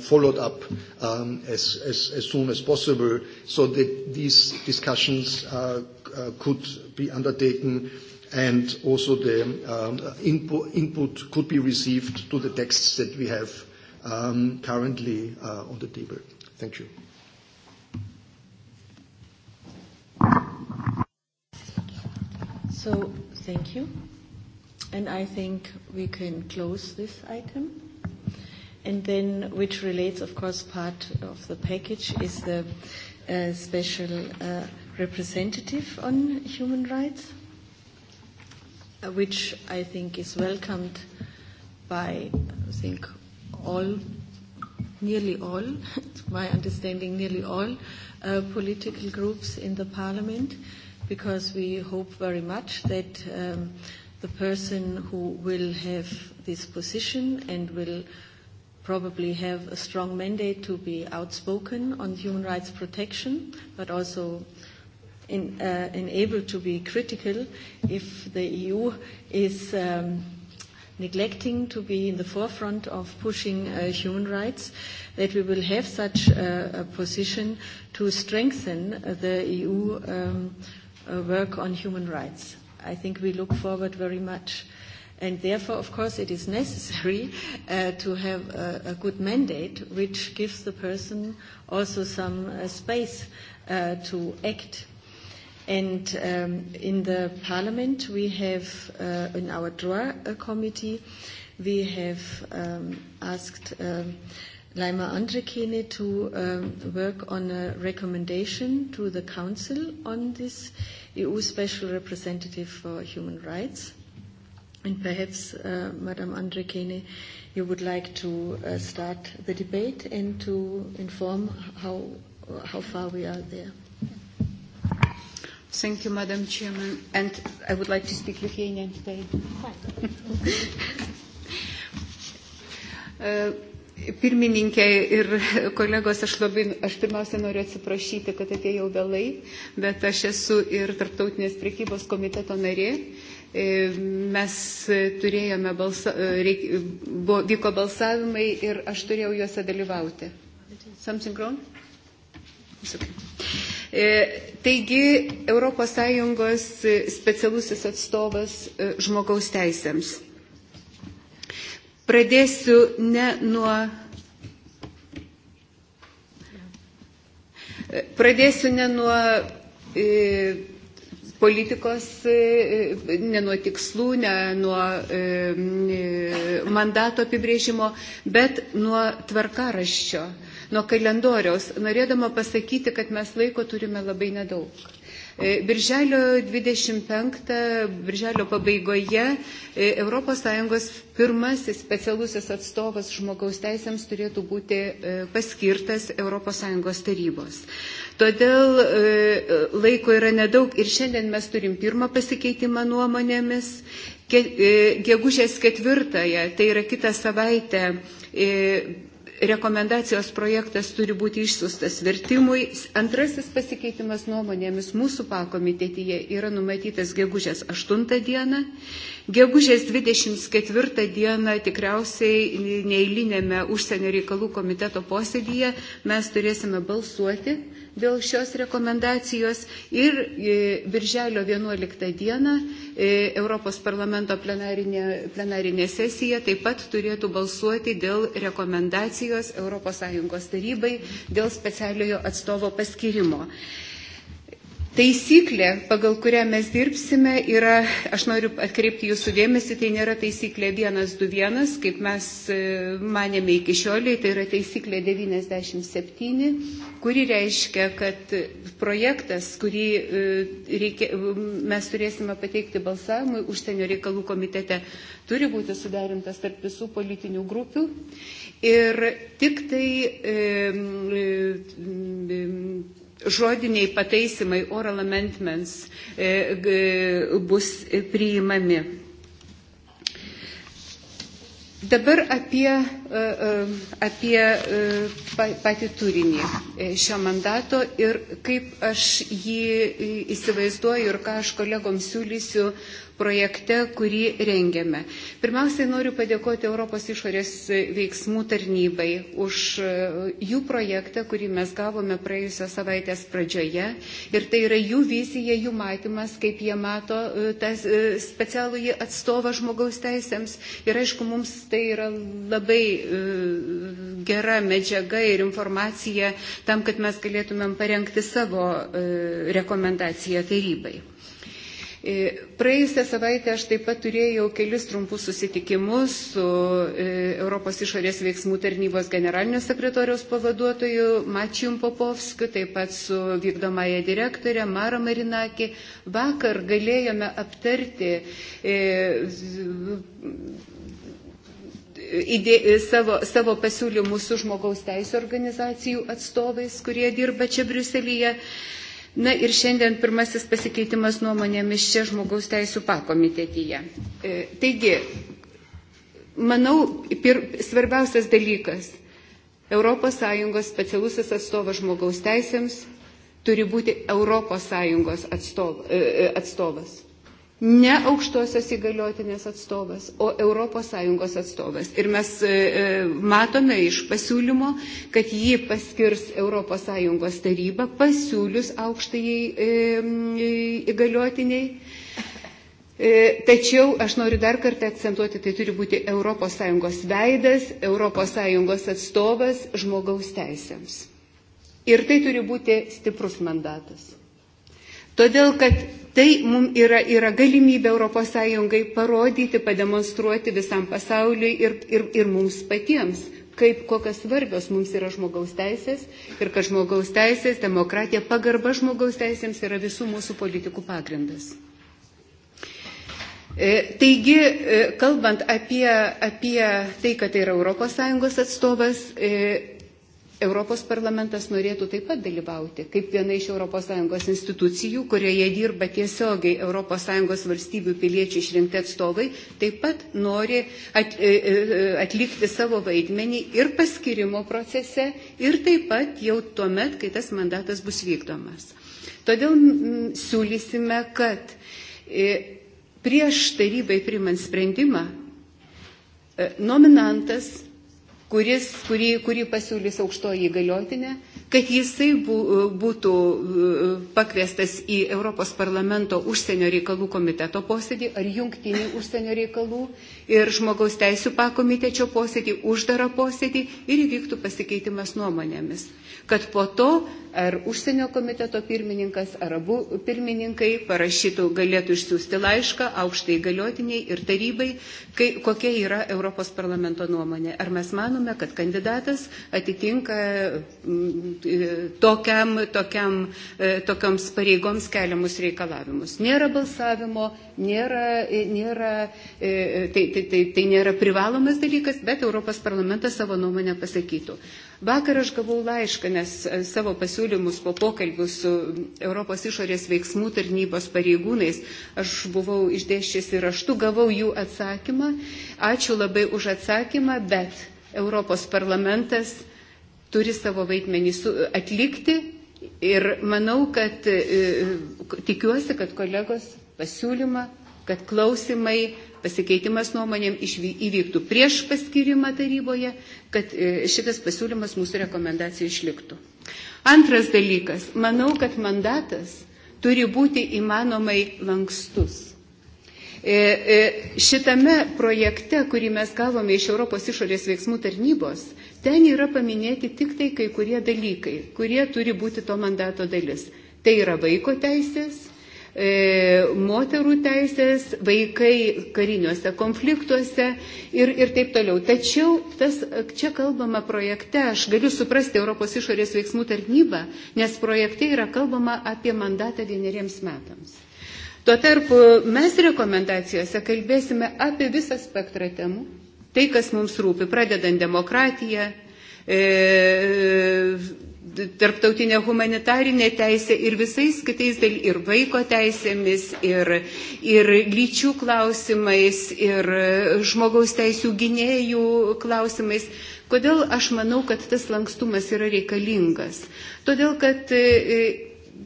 Speaker 5: followed up as as soon as possible so that these discussions could be undertaken and also the input could be received to the texts that we have currently on the table. Thank you.
Speaker 1: So, thank you. And I think we can close this item. And then, which relates, of course, part of the package is the special representative on human rights, which I think is welcomed by, I think, all, nearly all, to my understanding, nearly all political groups in the Parliament, because we hope very much that the person who will have this position and will probably have a strong mandate to be outspoken on human rights protection, but also able to be critical if the EU is neglecting to be in the forefront of pushing human rights, that we will have such a position to strengthen the EU work on human rights. I think we look forward very much. And therefore, of course, it is necessary to have a good mandate which gives the person also some space to act. And in the Parliament, we have, in our DROA committee, we have asked Laima Andrekene to work on a recommendation to the Council on this EU Special Representative for Human Rights. And perhaps, Madam Kene, you would like to start the debate and to inform
Speaker 3: how how far we are there. Thank you, Madam Chairman. And I would like to speak Lithuanian today. Pirmininkė ir kolegos, aš, labai, aš pirmiausia noriu atsiprašyti, kad atėjau vėlai, bet aš esu ir Tarptautinės priekybos komiteto narė. Mes turėjome balsa, reik, buvo, vyko balsavimai ir aš turėjau juose dalyvauti. Something Taigi, ES specialusis atstovas žmogaus teisėms Pradėsiu ne nuo. Pradėsiu ne nuo politikos, ne nuo tikslų, ne nuo mandato apibrėžimo, bet nuo tvarkaraščio, nuo kalendoriaus, norėdama pasakyti, kad mes laiko turime labai nedaug. Birželio 25, birželio pabaigoje ES pirmasis specialusis atstovas žmogaus teisėms turėtų būti paskirtas ES tarybos. Todėl laiko yra nedaug ir šiandien mes turim pirmą pasikeitimą nuomonėmis. Gegužės ketvirtąją, tai yra kitą savaitę, rekomendacijos projektas turi būti išsiustas vertimui. Antrasis pasikeitimas nuomonėmis mūsų pakomitetyje yra numatytas gegužės 8 dieną. Gegužės 24 dieną tikriausiai neįlinėme užsienio reikalų komiteto posėdyje mes turėsime balsuoti dėl šios rekomendacijos ir birželio 11 dieną Europos parlamento plenarinė sesija taip pat turėtų balsuoti dėl rekomendacijos sąjungos tarybai dėl specialiojo atstovo paskirimo. Taisyklė, pagal kurią mes dirbsime, yra, aš noriu atkreipti jūsų dėmesį, tai nėra taisyklė 121, kaip mes manėme iki šioliai, tai yra taisyklė 97, kuri reiškia, kad projektas, kurį reikia, mes turėsime pateikti balsavimui užsienio reikalų komitete, turi būti sudarintas tarp visų politinių grupių. Ir tik tai žodiniai pataisimai oral amendments bus priimami. Dabar apie, apie patį turinį šio mandato ir kaip aš jį įsivaizduoju ir ką aš kolegom siūlysiu projekte, kurį rengiame. Pirmiausia, noriu padėkoti Europos išorės veiksmų tarnybai už jų projektą, kurį mes gavome praėjusios savaitės pradžioje. Ir tai yra jų vizija, jų matymas, kaip jie mato tas specialųjį atstovą žmogaus teisėms. Ir aišku, mums tai yra labai gera medžiaga ir informacija tam, kad mes galėtumėm parengti savo rekomendaciją tarybai. Praėjusią savaitę aš taip pat turėjau kelis trumpus susitikimus su Europos išorės veiksmų tarnybos generalinio sekretoriaus pavaduotoju Mačium Popovskiu, taip pat su vykdomąją direktorę Mara Marinaki. Vakar galėjome aptarti savo, savo pasiūlymus su žmogaus teisių organizacijų atstovais, kurie dirba čia Briuselyje. Na ir šiandien pirmasis pasikeitimas nuomonėmis čia žmogaus teisų pakomitetyje. Taigi, manau, svarbiausias dalykas ES specialusis atstovas žmogaus teisėms turi būti ES atstovas ne aukštosios įgaliotinės atstovas, o ES atstovas. Ir mes matome iš pasiūlymo, kad jį paskirs ES taryba pasiūlius aukštai įgaliotiniai. Tačiau aš noriu dar kartą akcentuoti, tai turi būti ES veidas, ES atstovas žmogaus teisėms. Ir tai turi būti stiprus mandatas. Todėl, kad Tai mums yra, yra galimybė Europos Sąjungai parodyti, pademonstruoti visam pasauliui ir, ir, ir mums patiems, kaip kokios svarbios mums yra žmogaus teisės ir kad žmogaus teisės, demokratija, pagarba žmogaus teisėms yra visų mūsų politikų pagrindas. Taigi, kalbant apie, apie tai, kad tai yra Europos Sąjungos atstovas, Europos parlamentas norėtų taip pat dalyvauti, kaip viena iš ES institucijų, kurioje dirba tiesiogiai ES valstybių piliečių išrinkti atstovai, taip pat nori atlikti savo vaidmenį ir paskirimo procese, ir taip pat jau tuomet, kai tas mandatas bus vykdomas. Todėl siūlysime, kad prieš tarybai primant sprendimą nominantas kuris, kurį, kurį pasiūlys aukštoji įgaliotinė, kad jisai būtų pakviestas į Europos parlamento užsienio reikalų komiteto posėdį ar jungtinį užsienio reikalų ir žmogaus teisų pakomitečio posėdį, uždarą posėdį ir įvyktų pasikeitimas nuomonėmis. Kad po to ar užsienio komiteto pirmininkas, ar abu pirmininkai parašytų, galėtų išsiųsti laišką aukštai galiotiniai ir tarybai, kai, kokia yra Europos parlamento nuomonė. Ar mes manome, kad kandidatas atitinka tokiam, tokiam, tokioms pareigoms keliamus reikalavimus. Nėra balsavimo, nėra, nėra, tai, tai, tai, tai nėra privalomas dalykas, bet Europos parlamentas savo nuomonę pasakytų. Vakar aš gavau laišką, nes savo pasiūlymą pasiūlymus po pokalbių su Europos išorės veiksmų tarnybos pareigūnais. Aš buvau ir aštų gavau jų atsakymą. Ačiū labai už atsakymą, bet Europos parlamentas turi savo vaidmenį atlikti ir manau, kad tikiuosi, kad kolegos pasiūlymą, kad klausimai, pasikeitimas nuomonėm įvyktų prieš paskirimą taryboje, kad šitas pasiūlymas mūsų rekomendacijų išliktų. Antras dalykas, manau, kad mandatas turi būti įmanomai lankstus. Šitame projekte, kurį mes gavome iš Europos išorės veiksmų tarnybos, ten yra paminėti tik tai kai kurie dalykai, kurie turi būti to mandato dalis. Tai yra vaiko teisės, moterų teisės, vaikai kariniuose konfliktuose ir, ir taip toliau. Tačiau tas, čia kalbama projekte, aš galiu suprasti Europos išorės veiksmų tarnybą, nes projekte yra kalbama apie mandatą vieneriems metams. Tuo mes rekomendacijose kalbėsime apie visą spektrą temų, tai kas mums rūpi, pradedant demokratiją, tarptautinė humanitarinė teisė ir visais kitais ir vaiko teisėmis, ir, ir lyčių klausimais, ir žmogaus teisių gynėjų klausimais. Kodėl aš manau, kad tas lankstumas yra reikalingas? Todėl, kad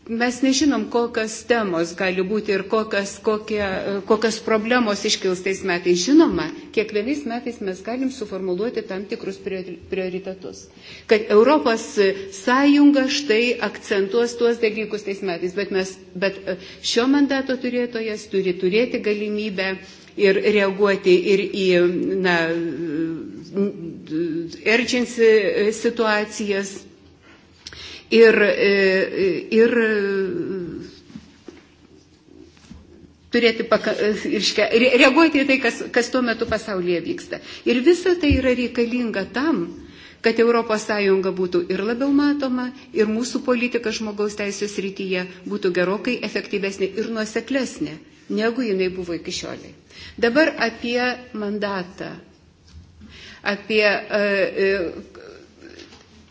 Speaker 3: mes nežinom, kokios temos gali būti ir kokios, kokie, kokios problemos iškils tais metais. Žinoma, kiekvienais metais mes galim suformuluoti tam tikrus prioritetus. Kad Europos sąjunga štai akcentuos tuos dalykus tais metais, bet, mes, bet šio mandato turėtojas turi turėti galimybę ir reaguoti ir į na, situacijas Ir, ir turėti paka, reaguoti į tai, kas, kas tuo metu pasaulyje vyksta. Ir visa tai yra reikalinga tam, kad Europos Sąjunga būtų ir labiau matoma, ir mūsų politika žmogaus teisės rytyje būtų gerokai efektyvesnė ir nuoseklesnė, negu jinai buvo iki šioliai. Dabar apie mandatą. Apie,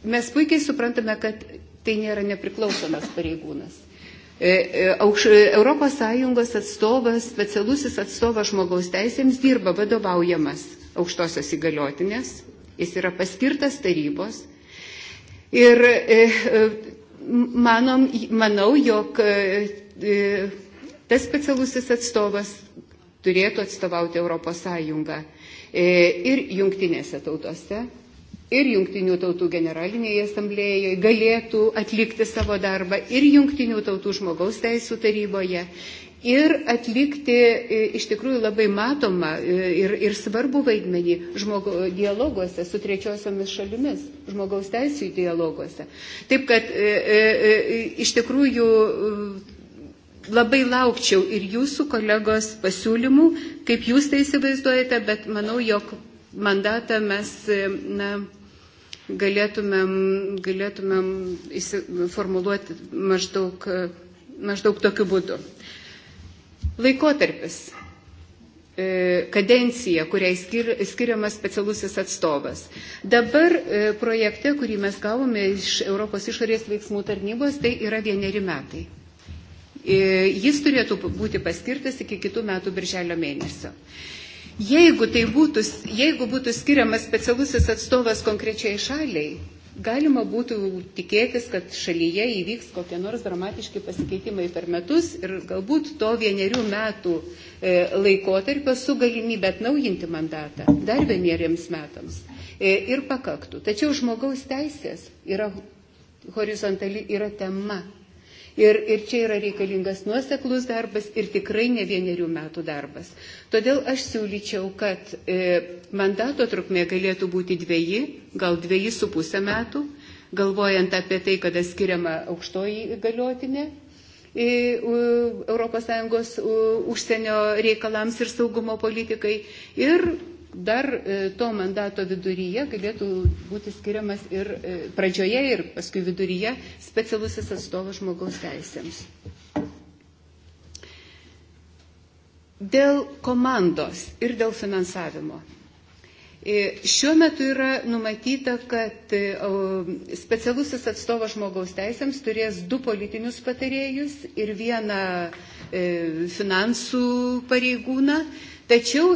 Speaker 3: mes puikiai suprantame, kad Tai nėra nepriklausomas pareigūnas. Europos Sąjungos atstovas, specialusis atstovas žmogaus teisėms dirba vadovaujamas aukštosios įgaliotinės, jis yra paskirtas tarybos. Ir manom, manau, jog tas specialusis atstovas turėtų atstovauti Europos Sąjungą ir jungtinėse tautose ir Jungtinių tautų generalinėje asamblėjoje galėtų atlikti savo darbą ir Jungtinių tautų žmogaus teisų taryboje ir atlikti iš tikrųjų labai matomą ir, ir svarbų vaidmenį žmogu, dialoguose su trečiosiomis šalimis, žmogaus teisų dialoguose. Taip kad iš tikrųjų labai laukčiau ir jūsų kolegos pasiūlymų, kaip jūs tai įsivaizduojate, bet manau, jog mandatą mes na, galėtumėm, galėtumėm formuluoti maždaug, maždaug tokiu būdu. Laikotarpis kadencija, kuriai skiriama skiriamas specialusis atstovas. Dabar projekte, kurį mes gavome iš Europos išorės veiksmų tarnybos, tai yra vieneri metai. Jis turėtų būti paskirtas iki kitų metų birželio mėnesio jeigu tai būtų jeigu būtų skiriamas specialusis atstovas konkrečiai šaliai galima būtų tikėtis kad šalyje įvyks kokie nors dramatiški pasikeitimai per metus ir galbūt to vienerių metų laikotarpio su galimybe atnaujinti mandatą dar vieneriems metams ir pakaktų tačiau žmogaus teisės yra horizontali yra tema Ir, ir čia yra reikalingas nuoseklus darbas ir tikrai ne vienerių metų darbas. Todėl aš siūlyčiau, kad e, mandato trukmė galėtų būti dviejį, gal dviejį su pusę metų, galvojant apie tai, kada skiriama aukštoji galiotinė Sąjungos užsienio reikalams ir saugumo politikai ir dar to mandato viduryje galėtų būti skiriamas ir pradžioje ir paskui viduryje specialusis atstovas žmogaus teisėms. Dėl komandos ir dėl finansavimo. Šiuo metu yra numatyta, kad specialusis atstovas žmogaus teisėms turės du politinius patarėjus ir vieną finansų pareigūną, tačiau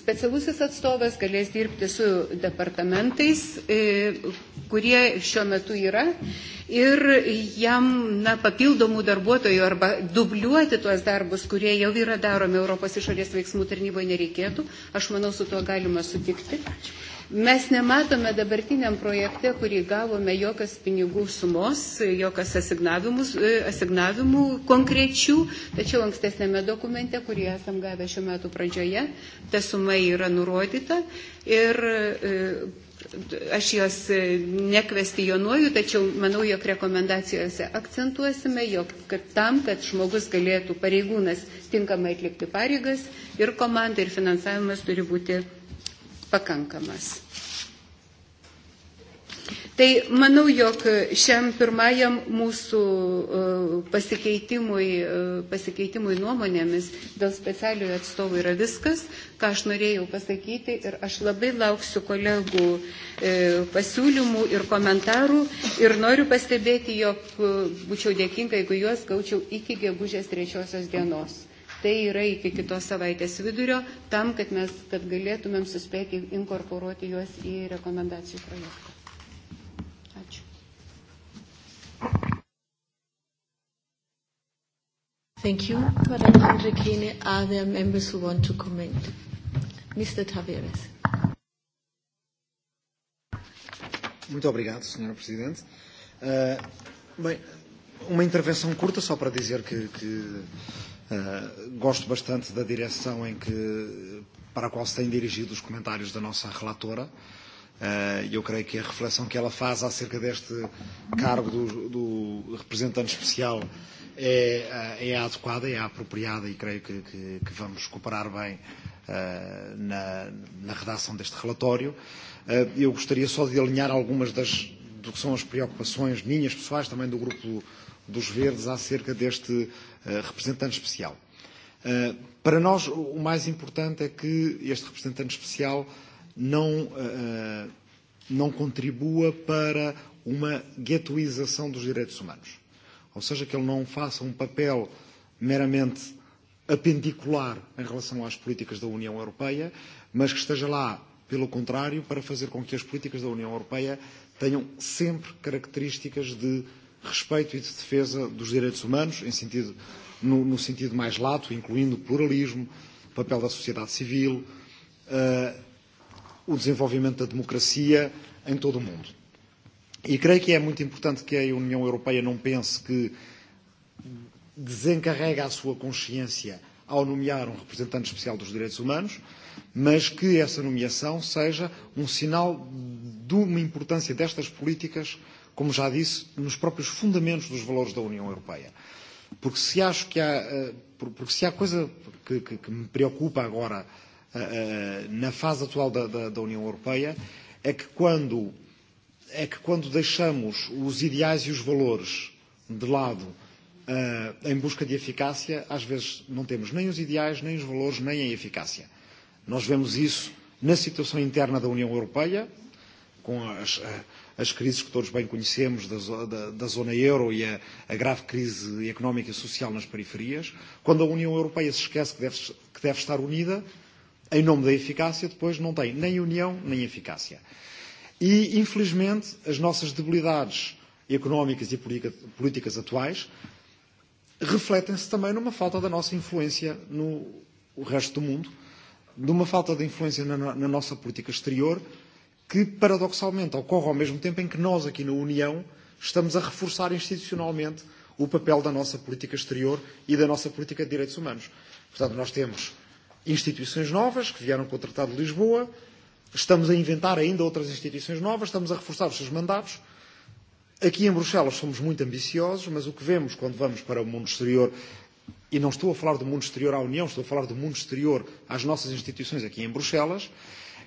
Speaker 3: specialusis atstovas galės dirbti su departamentais, kurie šiuo metu yra, ir jam na, papildomų darbuotojų arba dubliuoti tuos darbus, kurie jau yra daromi Europos išorės veiksmų tarnyboje nereikėtų. Aš manau, su tuo galima sutikti. Mes nematome dabartiniam projekte, kurį gavome jokios pinigų sumos, jokios asignavimų konkrečių, tačiau ankstesnėme dokumente, kurį esam gavę šiuo metu pradžioje, ta suma yra nurodyta ir aš jos nekvestionuoju, tačiau manau, jog rekomendacijose akcentuosime, jog kad tam, kad žmogus galėtų pareigūnas tinkamai atlikti pareigas ir komanda ir finansavimas turi būti pakankamas. Tai manau, jog šiam pirmajam mūsų pasikeitimui, pasikeitimui nuomonėmis dėl specialiojo atstovų yra viskas, ką aš norėjau pasakyti ir aš labai lauksiu kolegų pasiūlymų ir komentarų ir noriu pastebėti, jog būčiau dėkinga, jeigu juos gaučiau iki gegužės trečiosios dienos. Tai yra iki kitos savaitės vidurio, tam, kad mes kad galėtumėm suspėti inkorporuoti juos į rekomendacijų projektą.
Speaker 1: Thank you. Madam Andrikine, are there members who want to comment? Mr. Tavares.
Speaker 6: Muito obrigado, Sr. Presidente. Uh, bem, uma intervenção curta só para dizer que, que Gosto bastante da direção em que, para a qual se têm dirigido os comentários da nossa relatora. Eu creio que a reflexão que ela faz acerca deste cargo do representante especial é adequada, é apropriada e creio que vamos cooperar bem na redação deste relatório. Eu gostaria só de alinhar algumas das do que são as preocupações minhas pessoais, também do grupo dos Verdes acerca deste representante especial. Para nós, o mais importante é que este representante especial não não contribua para uma guetoização dos direitos humanos. Ou seja, que ele não faça um papel meramente apendicular em relação às políticas da União Europeia, mas que esteja lá, pelo contrário, para fazer com que as políticas da União Europeia tenham sempre características de respeito e de defesa dos direitos humanos, em sentido, no, no sentido mais lato, incluindo o pluralismo, o papel da sociedade civil, o desenvolvimento da democracia em todo o mundo. E creio que é muito importante que a União Europeia não pense que desencarrega a sua consciência ao nomear um representante especial dos direitos humanos, mas que essa nomeação seja um sinal de uma importância destas políticas como já disse, nos próprios fundamentos dos valores da União Europeia. Porque se acho que há, porque se há coisa que, que, que me preocupa agora na fase atual da, da, da União Europeia é que quando é que quando deixamos os ideais e os valores de lado em busca de eficácia, às vezes não temos nem os ideais, nem os valores, nem a eficácia. Nós vemos isso na situação interna da União Europeia, com as, as crises que todos bem conhecemos da zona euro e a grave crise económica e social nas periferias, quando a União Europeia se esquece que deve estar unida, em nome da eficácia, depois não tem nem união nem eficácia. E, infelizmente, as nossas debilidades económicas e políticas atuais refletem-se também numa falta da nossa influência no resto do mundo, numa falta de influência na nossa política exterior que, paradoxalmente, ocorre ao mesmo tempo em que nós, aqui na União, estamos a reforçar institucionalmente o papel da nossa política exterior e da nossa política de direitos humanos. Portanto, nós temos instituições novas que vieram com o Tratado de Lisboa, estamos a inventar ainda outras instituições novas, estamos a reforçar os seus mandatos. Aqui em Bruxelas somos muito ambiciosos, mas o que vemos quando vamos para o mundo exterior, e não estou a falar do mundo exterior à União, estou a falar do mundo exterior às nossas instituições aqui em Bruxelas,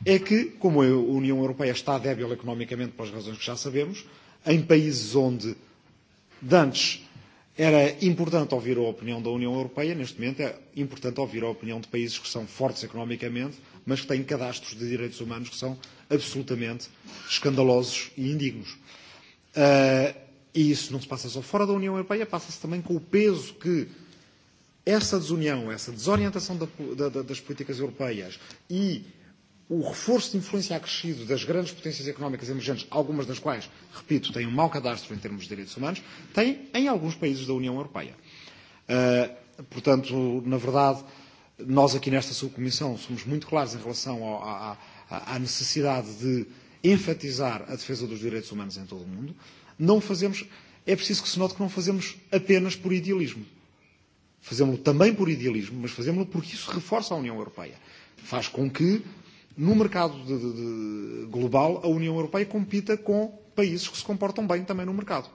Speaker 6: é que, como a União Europeia está débil economicamente, pelas razões que já sabemos, em países onde, Dantes, antes, era importante ouvir a opinião da União Europeia, neste momento é importante ouvir a opinião de países que são fortes economicamente, mas que têm cadastros de direitos humanos que são absolutamente escandalosos e indignos. E isso não se passa só fora da União Europeia, passa-se também com o peso que essa desunião, essa desorientação das políticas europeias e o reforço de influência acrescido das grandes potências económicas emergentes, algumas das quais, repito, têm um mau cadastro em termos de direitos humanos, tem em alguns países da União Europeia. Portanto, na verdade, nós aqui nesta subcomissão somos muito claros em relação à necessidade de enfatizar a defesa dos direitos humanos em todo o mundo. Não fazemos, é preciso que se note que não fazemos apenas por idealismo. Fazemos-lo também por idealismo, mas fazemos-lo porque isso reforça a União Europeia. Faz com que no mercado de, de, global, a União Europeia compita com países que se comportam bem também no mercado.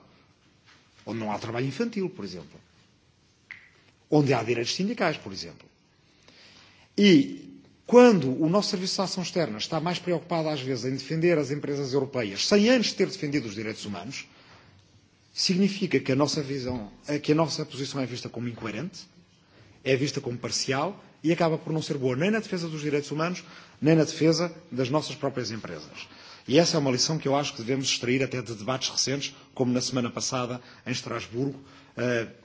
Speaker 6: Onde não há trabalho infantil, por exemplo. Onde há direitos sindicais, por exemplo. E quando o nosso Serviço de Ação Externa está mais preocupado, às vezes, em defender as empresas europeias, sem antes ter defendido os direitos humanos, significa que a nossa visão, que a nossa posição é vista como incoerente, é vista como parcial e acaba por não ser boa nem na defesa dos direitos humanos, nem na defesa das nossas próprias empresas. E essa é uma lição que eu acho que devemos extrair até de debates recentes, como na semana passada em Estrasburgo,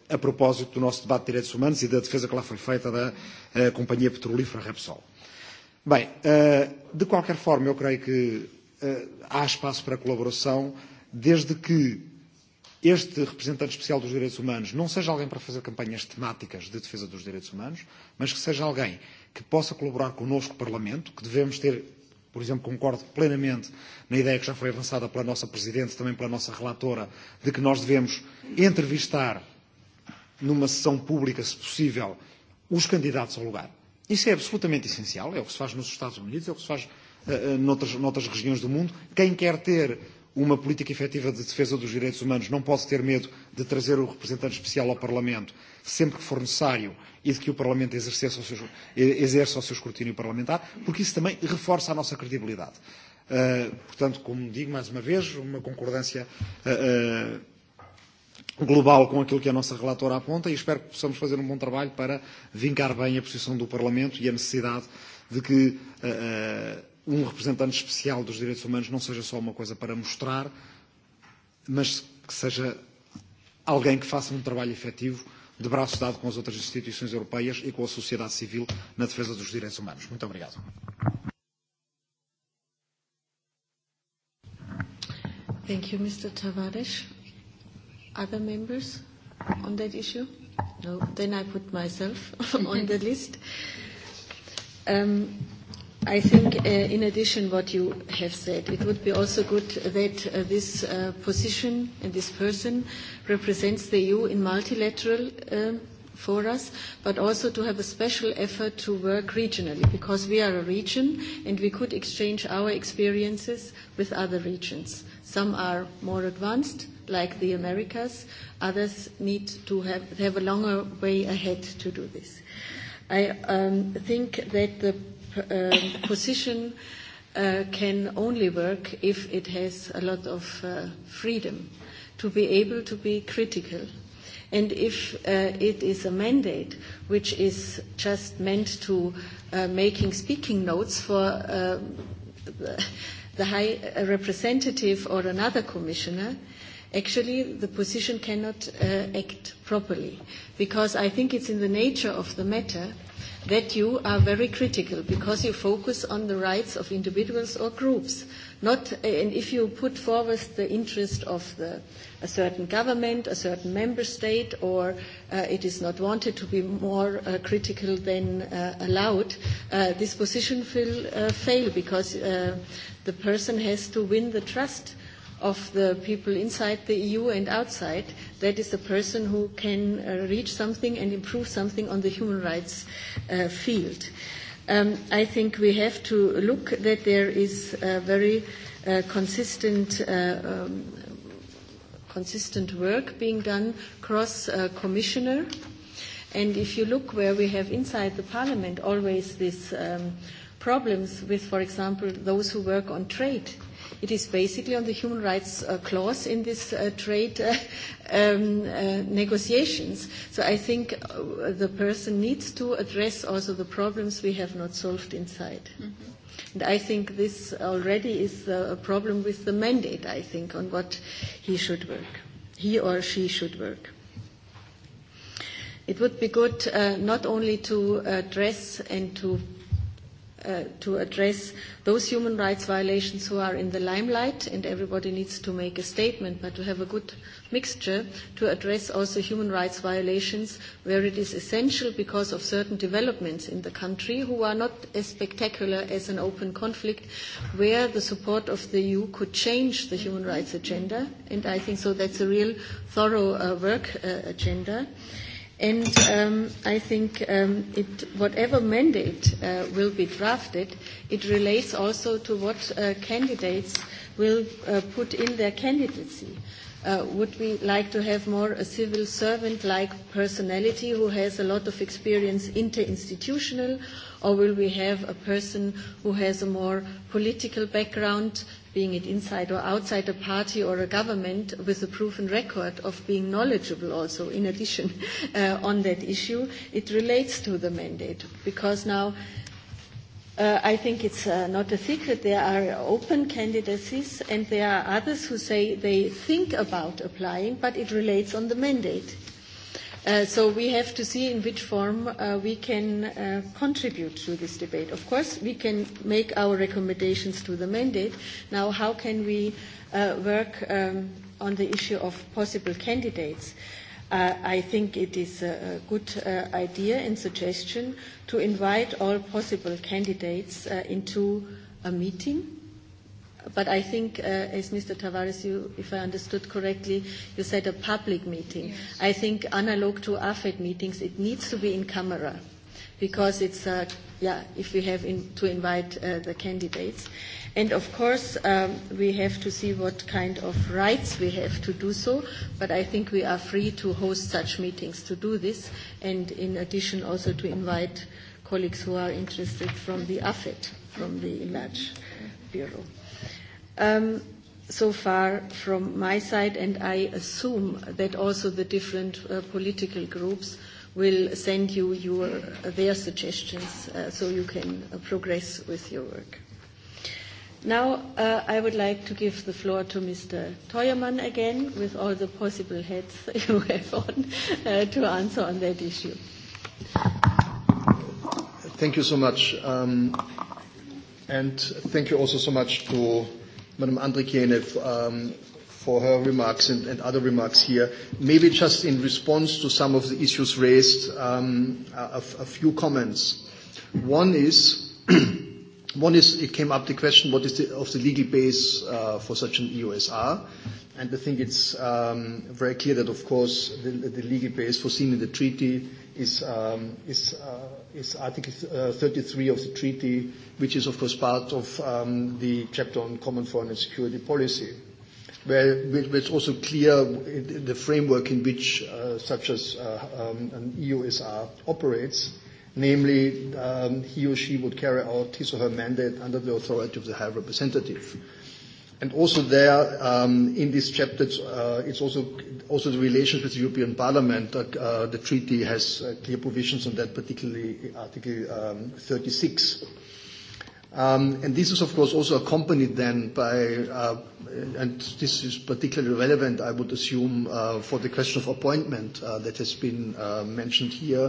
Speaker 6: a propósito do nosso debate de direitos humanos e da defesa que lá foi feita da companhia petrolífera Repsol. Bem, de qualquer forma, eu creio que há espaço para colaboração, desde que este representante especial dos direitos humanos não seja alguém para fazer campanhas temáticas de defesa dos direitos humanos, mas que seja alguém que possa colaborar connosco, Parlamento, que devemos ter, por exemplo, concordo plenamente na ideia que já foi avançada pela nossa Presidente, também pela nossa relatora, de que nós devemos entrevistar numa sessão pública, se possível, os candidatos ao lugar. Isso é absolutamente essencial, é o que se faz nos Estados Unidos, é o que se faz noutras regiões do mundo. Quem quer ter uma política efetiva de defesa dos direitos humanos não pode ter medo de trazer o representante especial ao Parlamento sempre que for necessário e de que o Parlamento exerça o seu escrutínio parlamentar, porque isso também reforça a nossa credibilidade. Portanto, como digo mais uma vez, uma concordância global com aquilo que a nossa relatora aponta e espero que possamos fazer um bom trabalho para vincar bem a posição do Parlamento e a necessidade de que um representante especial dos direitos humanos não seja só uma coisa para mostrar, mas que seja alguém que faça um trabalho efetivo de braço dado com as outras instituições europeias e com a sociedade civil na defesa dos direitos humanos. Muito obrigado.
Speaker 1: Thank you, Mr. Tavares. Other members on that issue? No. Then I put myself on the list. Um, I think, in addition what you have said, it would be also good that this position and this person represents the EU in multilateral for us, but also to have a special effort to work regionally, because we are a region and we could exchange our experiences with other regions. Some are more advanced, like the Americas. Others need to have a longer way ahead to do this. I think that the position can only work if it has a lot of freedom to be able to be critical. And if it is a mandate which is just meant to making speaking notes for the high representative or another commissioner, actually the position cannot act properly. Because I think it's in the nature of the matter that you are very critical because you focus on the rights of individuals or groups. Not, and if you put forward the interest of the, a certain government, a certain member state, or it is not wanted to be more critical than allowed, this position will fail because the person has to win the trust of the people inside the EU and outside. That is the person who can reach something and improve something on the human rights field. I think we have to look that there is very consistent consistent work being done cross commissioner and if you look where we have inside the parliament always these problems with for example those who work on trade It is basically on the human rights clause in these trade negotiations. So I think the person needs to address also the problems we have not solved inside. And I think this already is a problem with the mandate, I think, on what he should work, he or she should work. It would be good not only to address and to to address those human rights violations who are in the limelight, and everybody needs to make a statement, but to have a good mixture to address also human rights violations where it is essential because of certain developments in the country who are not as spectacular as an open conflict, where the support of the EU could change the human rights agenda, and I think so that's a real thorough work agenda. And I think whatever mandate will be drafted, it relates also to what candidates will put in their candidacy. Would we like to have more a civil servant-like personality who has a lot of experience interinstitutional, or will we have a person who has a more political background being it inside or outside a party or a government, with a proven record of being knowledgeable also, in addition, on that issue. It relates to the mandate, because now I think it's not a secret. There are open candidacies, and there are others who say they think about applying, but it relates on the mandate. So we have to see in which form we can contribute to this debate. Of course, we can make our recommendations to the mandate. Now, how can we work on the issue of possible candidates? I think it is a good idea and suggestion to invite all possible candidates into a meeting But I think, as Mr. Tavares, if I understood correctly, you said a public meeting. I think, analog to AFET meetings, it needs to be in camera, because it's, yeah, if we have to invite the candidates. And of course, we have to see what kind of rights we have to do so, but I think we are free to host such meetings to do this, and in addition also to invite colleagues who are interested from the AFET, from the enlarged bureau. So far from my side, and I assume that also the different political groups will send you your their suggestions so you can progress with your work. Now I would like to give the floor to Mr. Teuermann again with all the possible heads you have on to answer on that issue.
Speaker 5: Thank you so much. And thank you also so much to Madam Andrikienev for her remarks and other remarks here. Maybe just in response to some of the issues raised, a few comments. One is, one is it came up the question what is the, of the legal base for such an EOSR, and I think it's very clear that of course the, legal base foreseen in the treaty is is is Article 33 of the treaty, which is, of course, part of um the chapter on common foreign and security policy, where it's also clear the framework in which such as um an EUSR operates, namely he or she would carry out his or her mandate under the authority of the High Representative. And also there, in this chapter, it's also also the relations with the European Parliament. The treaty has clear provisions on that, particularly Article 36 And this is, of course, also accompanied then by, and this is particularly relevant, I would assume, for the question of appointment that has been mentioned here,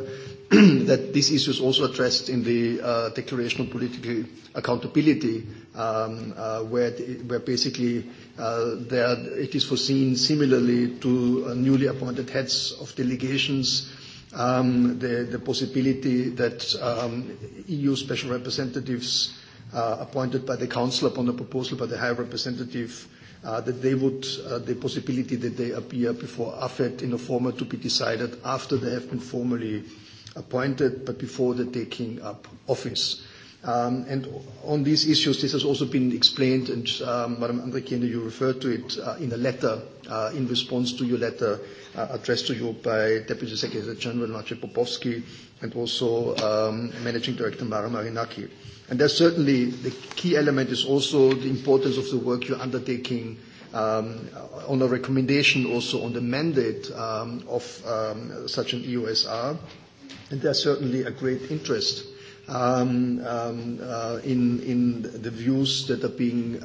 Speaker 5: that this issue is also addressed in the Declaration of Political Accountability, where basically it is foreseen similarly to newly appointed heads of delegations the possibility that EU special representatives appointed by the Council upon a proposal by the High Representative that they would, the possibility that they appear before AFET in a format to be decided after they have been formally appointed, but before the taking up office. And on these issues, this has also been explained, and Madam Andrikien, you referred to it in a letter, in response to your letter addressed to you by Deputy Secretary General Maciej Popowski and also Managing Director Mara Marinaki. And there's certainly the key element is also the importance of the work you're undertaking on a recommendation also on the mandate of such an EOSR. And there's certainly a great interest in the views that are being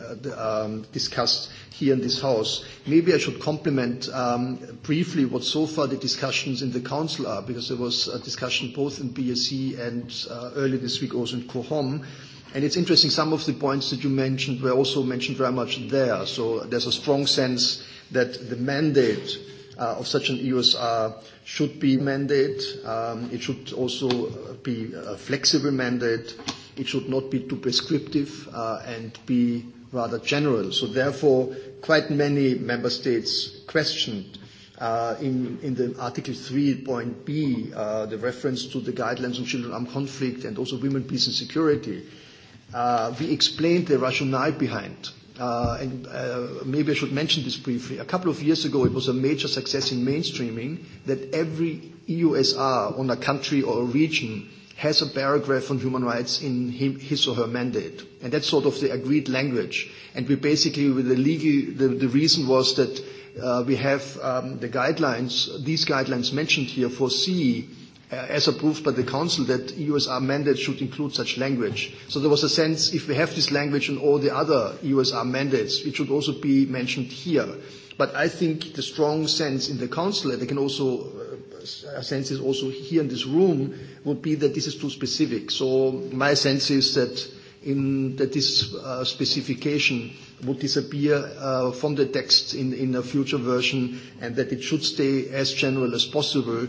Speaker 5: discussed here in this House. Maybe I should complement briefly what so far the discussions in the Council are, because there was a discussion both in BSE and earlier this week also in COHOM. And it's interesting, some of the points that you mentioned were also mentioned very much there. So there's a strong sense that the mandate of such an EUSR should be mandate. It should also be a flexible mandate. It should not be too prescriptive and be rather general. So therefore, quite many member states questioned in in the Article 3 point B the reference to the guidelines on children armed conflict and also women, peace and security. We explained the rationale behind and maybe I should mention this briefly. A couple of years ago, it was a major success in mainstreaming that every EUSR on a country or a region has a paragraph on human rights in his or her mandate. And that's sort of the agreed language. And we basically, with the legal, the reason was that we have the guidelines, these guidelines mentioned here foresee as approved by the Council, that EUSR mandates should include such language. So there was a sense, if we have this language in all the other EUSR mandates, it should also be mentioned here. But I think the strong sense in the Council, and I can also a sense is also here in this room, would be that this is too specific. So my sense is that in that this specification would disappear from the text in in a future version and that it should stay as general as possible,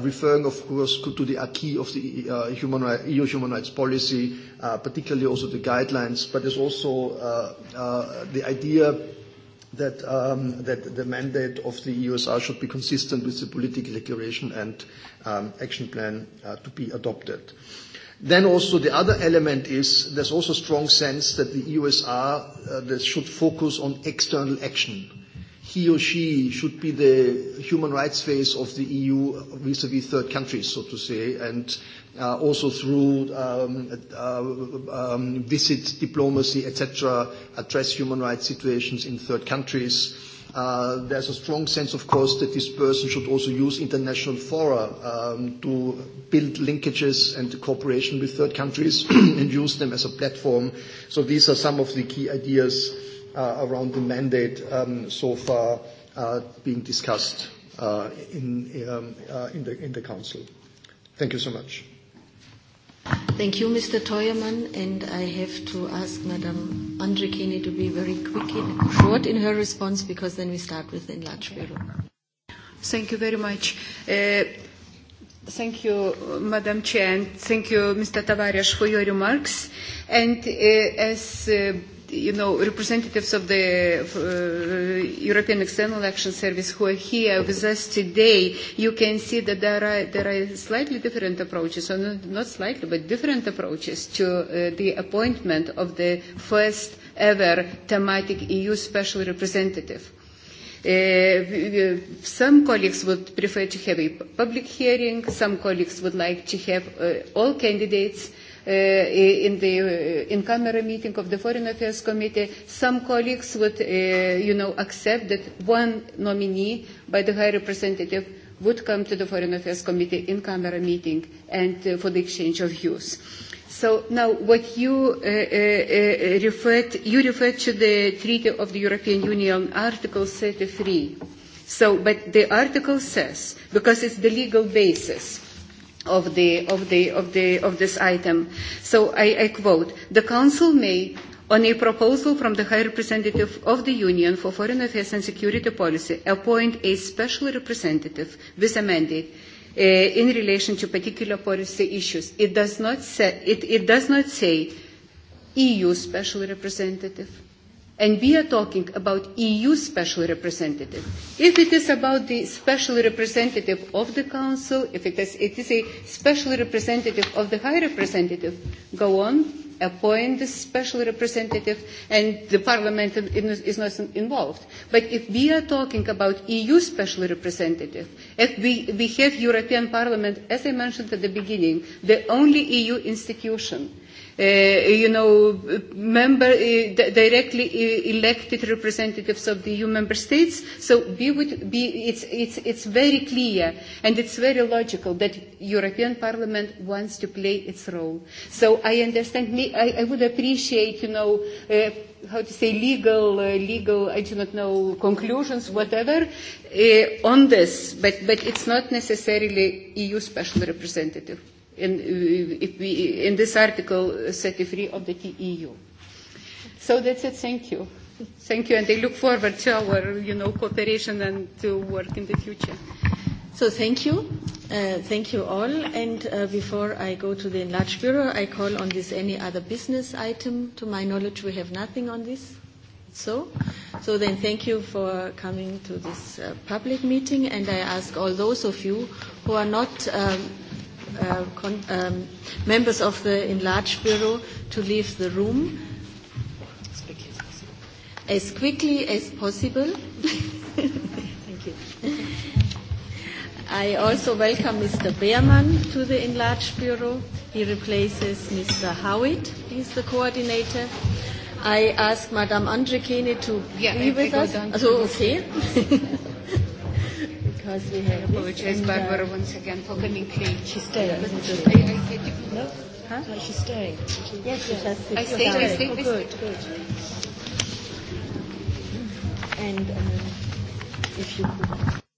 Speaker 5: referring of course to the acquis of the EU human rights policy, particularly also the guidelines, but there's also the idea that that the mandate of the EUSR should be consistent with the political declaration and action plan to be adopted. Then also the other element is there's also a strong sense that the EUSR should focus on external action. He or she should be the human rights face of the EU vis-à-vis third countries, so to say, and also through visit diplomacy, etc., address human rights situations in third countries There's a strong sense, of course, that this person should also use international fora to build linkages and cooperation with third countries and use them as a platform. So these are some of the key ideas around the mandate so far being discussed in the Council. Thank you so much.
Speaker 1: Thank you, Mr. Teuermann, and I have to ask Madam Andrikini to be very quick and short in her response because then we start with the enlarged bureau.
Speaker 3: Thank you very much. Thank you, Madam Chair, and thank you, Mr. Tavares, for your remarks. And as you know, representatives of the European External Action Service who are here with us today, you can see that there are, there are slightly different approaches, or not slightly, but different approaches to the appointment of the first ever thematic EU special representative. Some colleagues would prefer to have a public hearing, some colleagues would like to have all candidates in the in camera meeting of the Foreign Affairs Committee, some colleagues would, you know, accept that one nominee by the High Representative would come to the Foreign Affairs Committee in camera meeting and for the exchange of views. So now what you referred, you referred to the Treaty of the European Union, Article 33. So, but the article says, because it's the legal basis, of the of the of this item so i quote the council may on a proposal from the high representative of the union for foreign affairs and security policy appoint a special representative with a mandate in relation to particular policy issues it does not it does not say eu special representative and we are talking about eu special representative if it is about the special representative of the council if it is it is a special representative of the high representative go on appoint the special representative and the parliament is not involved but if we are talking about eu special representative if we we have european parliament as i mentioned at the beginning the only eu institution you know, member directly elected representatives of the EU member states. So it's very clear and it's very logical that European Parliament wants to play its role. So I understand. I would appreciate, you know, how to say legal, legal, I do not know, conclusions, whatever, on this. But but it's not necessarily EU special representative in this Article 33 of the EU. So that's it. Thank you. Thank you. And I look forward to our, you know, cooperation and to work in the future. So thank you. Thank you all. And before
Speaker 1: I go to the enlarged bureau, I call on this any other business item. To my knowledge, we have nothing on this. So, so then thank you for coming to this public meeting. And I ask all those of you who are not members of the enlarged bureau to leave the room as quickly as possible. Thank you. I also welcome Mr. Beermann to the enlarged bureau. He replaces Mr. Howitt. He's the coordinator. I ask Madame Andrikene to be with us. So, okay
Speaker 3: because we I Barbara, once again for coming late. She's staying. No? Huh? she's staying. Yes, yes. stayed. I Good,
Speaker 1: And if you